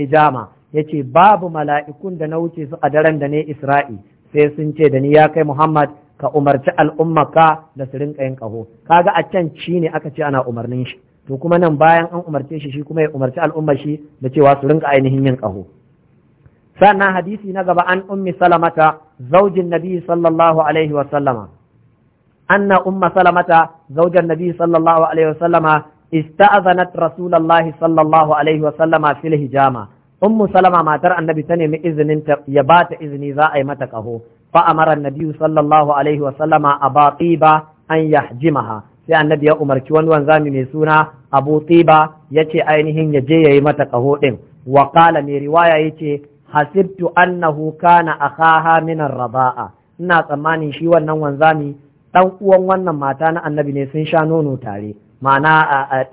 hijama yace babu mala'ikun da na wuce su a daren da ne isra'i sai sun ce da ni ya kai muhammad ka umarci al'umma ka da su rinka yin kaho kaga a can ci ne aka ce ana umarnin shi to kuma nan bayan an umarce shi shi kuma ya umarci al'umma shi da cewa su rinka ainihin yin ƙaho. sannan hadisi na gaba an ummi salamata zaujin nabi sallallahu alaihi wa sallama anna umma salamata zaujan nabi sallallahu alaihi wasallama ista'azanat rasulullahi sallallahu alaihi wasallama fil hijama ummu salama matar annabi ta nemi izinin ya ba ta izini za a yi mata kaho Fa'amarar amara annabi sallallahu alaihi wasallama aba tiba an yahjimaha sai annabi ya umarci wani wanzami mai suna abu tiba yace ainihin ya je yayi mata kaho din wa mai riwaya ce, hasibtu annahu kana akhaha min ar-raba'a ina tsammanin shi wannan wanzami ɗan uwan wannan mata na annabi ne sun sha nono tare ma'ana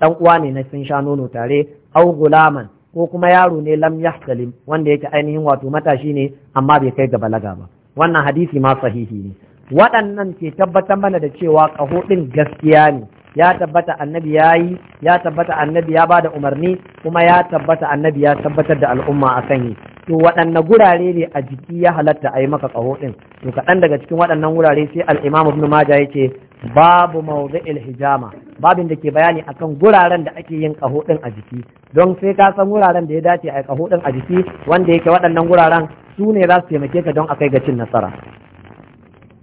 ɗan uwa ne na sun sha nono tare au gulaman ko kuma yaro ne lam yahtalim wanda yake ainihin wato matashi ne amma bai kai ga balaga ba wannan hadisi ma sahihi ne waɗannan ke tabbatar mana da cewa ƙaho ɗin gaskiya ne ya tabbata annabi ya yi ya tabbata annabi ya ba da umarni kuma ya tabbata annabi ya tabbatar da al'umma a kan yi to waɗanne gurare ne a jiki ya halatta a yi maka ƙaho ɗin to kaɗan daga cikin waɗannan gurare sai al'imamu ibn maja yake babu mawdu'il hijama babin da ke bayani akan guraren da ake yin ƙaho ɗin a jiki don sai ka san guraren da ya dace a yi ƙaho ɗin a jiki wanda yake waɗannan guraren su ne za su taimake ka don a kai ga cin nasara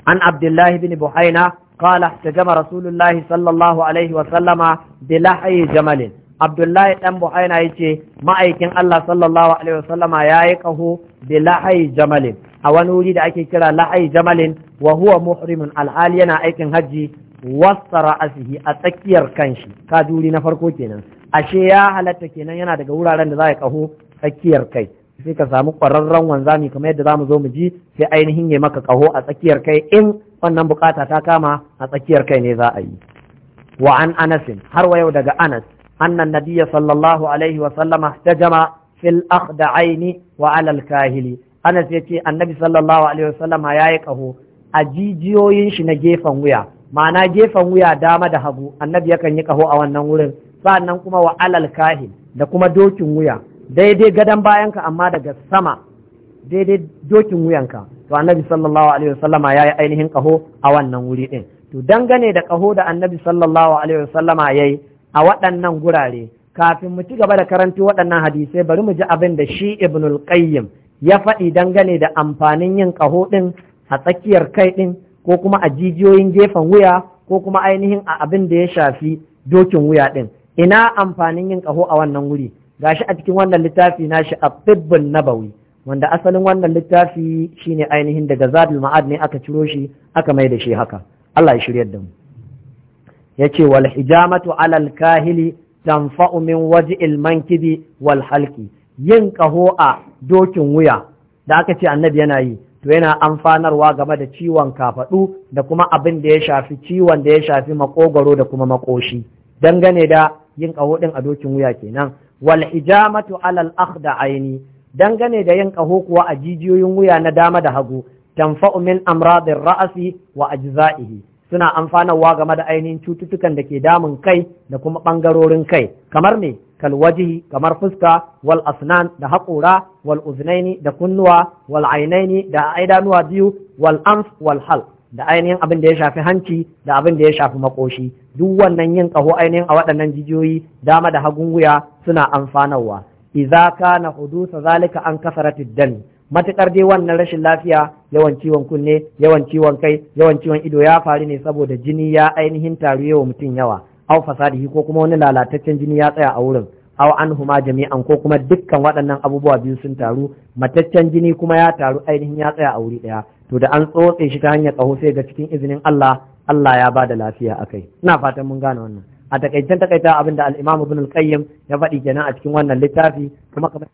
an abdullahi bin buhaina قال احتجم رسول الله صلى الله عليه وسلم بلحي جمل abdullahi dan buhaina ce, ma'aikin Allah sallallahu alaihi wasallama yayi kaho da lahai jamalin a wani wuri da ake kira lahai jamalin wa huwa muhrimun alhali yana aikin hajji wasara asihi a tsakiyar kanshi ka duri na farko kenan ashe ya halatta kenan yana daga wuraren da za a kaho tsakiyar kai sai ka samu ƙwararren wanzami kamar yadda za mu zo mu ji sai ainihin ya maka kaho a tsakiyar kai in wannan bukata ta kama a tsakiyar kai ne za a yi wa an anasin har wa yau daga anas أن النبي صلى الله عليه وسلم احتجم في الأخدعين وعلى الكاهل أنا سيتي النبي صلى الله عليه وسلم هيايك أهو أجيجيوين ينشي نجيفا ويا ma'ana gefen wuya dama da hagu annabi yakan yi kaho a wannan wurin وعلى kuma wa kahil da kuma dokin wuya daidai gadon bayanka amma daga sama daidai dokin wuyanka to annabi sallallahu alaihi wasallama ya yi ainihin kaho a wannan wuri din to dangane da kaho da annabi sallallahu alaihi wasallama yayi a waɗannan gurare kafin mu ci gaba da karanto waɗannan hadisai bari mu ji abin da shi ibnul qayyim ya faɗi dangane da amfanin yin ƙaho ɗin a tsakiyar kai ɗin ko kuma a jijiyoyin gefen wuya ko kuma ainihin a abin da ya shafi dokin wuya ɗin ina amfanin yin ƙaho a wannan wuri Ga shi a cikin wannan littafi nashi a tibbin nabawi wanda asalin wannan littafi shine ainihin daga zadul ma'ad ne aka ciro shi aka mai da shi haka Allah ya shirya da mu yace wal hijamatu alal kahili tanfa'u min ilman mankibi wal halqi yin kaho a dokin wuya da aka ce annabi yana yi to yana amfanarwa game da ciwon kafaɗu da kuma abin da ya shafi ciwon da ya shafi makogaro da kuma makoshi dangane da yin kaho din a dokin wuya kenan wal hijamatu alal akhda aini dangane da yin kaho kuwa a jijiyoyin wuya na dama da hagu tanfa'u min amradir ra'asi wa ajza'ihi suna amfanarwa game da ainihin cututtukan da ke damun kai da kuma ɓangarorin kai kamar ne kalwaji kamar fuska wal asnan da haƙora wal uznaini da kunnuwa wal ainaini da idanuwa biyu wal anf wal hal da ainihin abin da ya shafi hanci da abin da ya shafi makoshi duk wannan yin ƙaho ainihin a waɗannan jijiyoyi dama da hagun wuya suna amfanarwa idza kana hudusa zalika an kasaratid dami matukar dai wannan rashin lafiya yawan ciwon kunne yawan ciwon kai yawan ciwon ido ya faru ne saboda jini ya ainihin taru yawa mutum yawa au fasadihi ko kuma wani lalataccen jini ya tsaya a wurin au anhuma jami'an ko kuma dukkan waɗannan abubuwa biyu sun taru mataccen jini kuma ya taru ainihin ya tsaya a wuri ɗaya to da an tsotse shi ta hanyar tsaho sai ga cikin izinin Allah Allah ya ba da lafiya kai ina fatan mun gane wannan a takaicen takaita abin da al-Imam ya faɗi kenan a cikin wannan littafi kuma kamar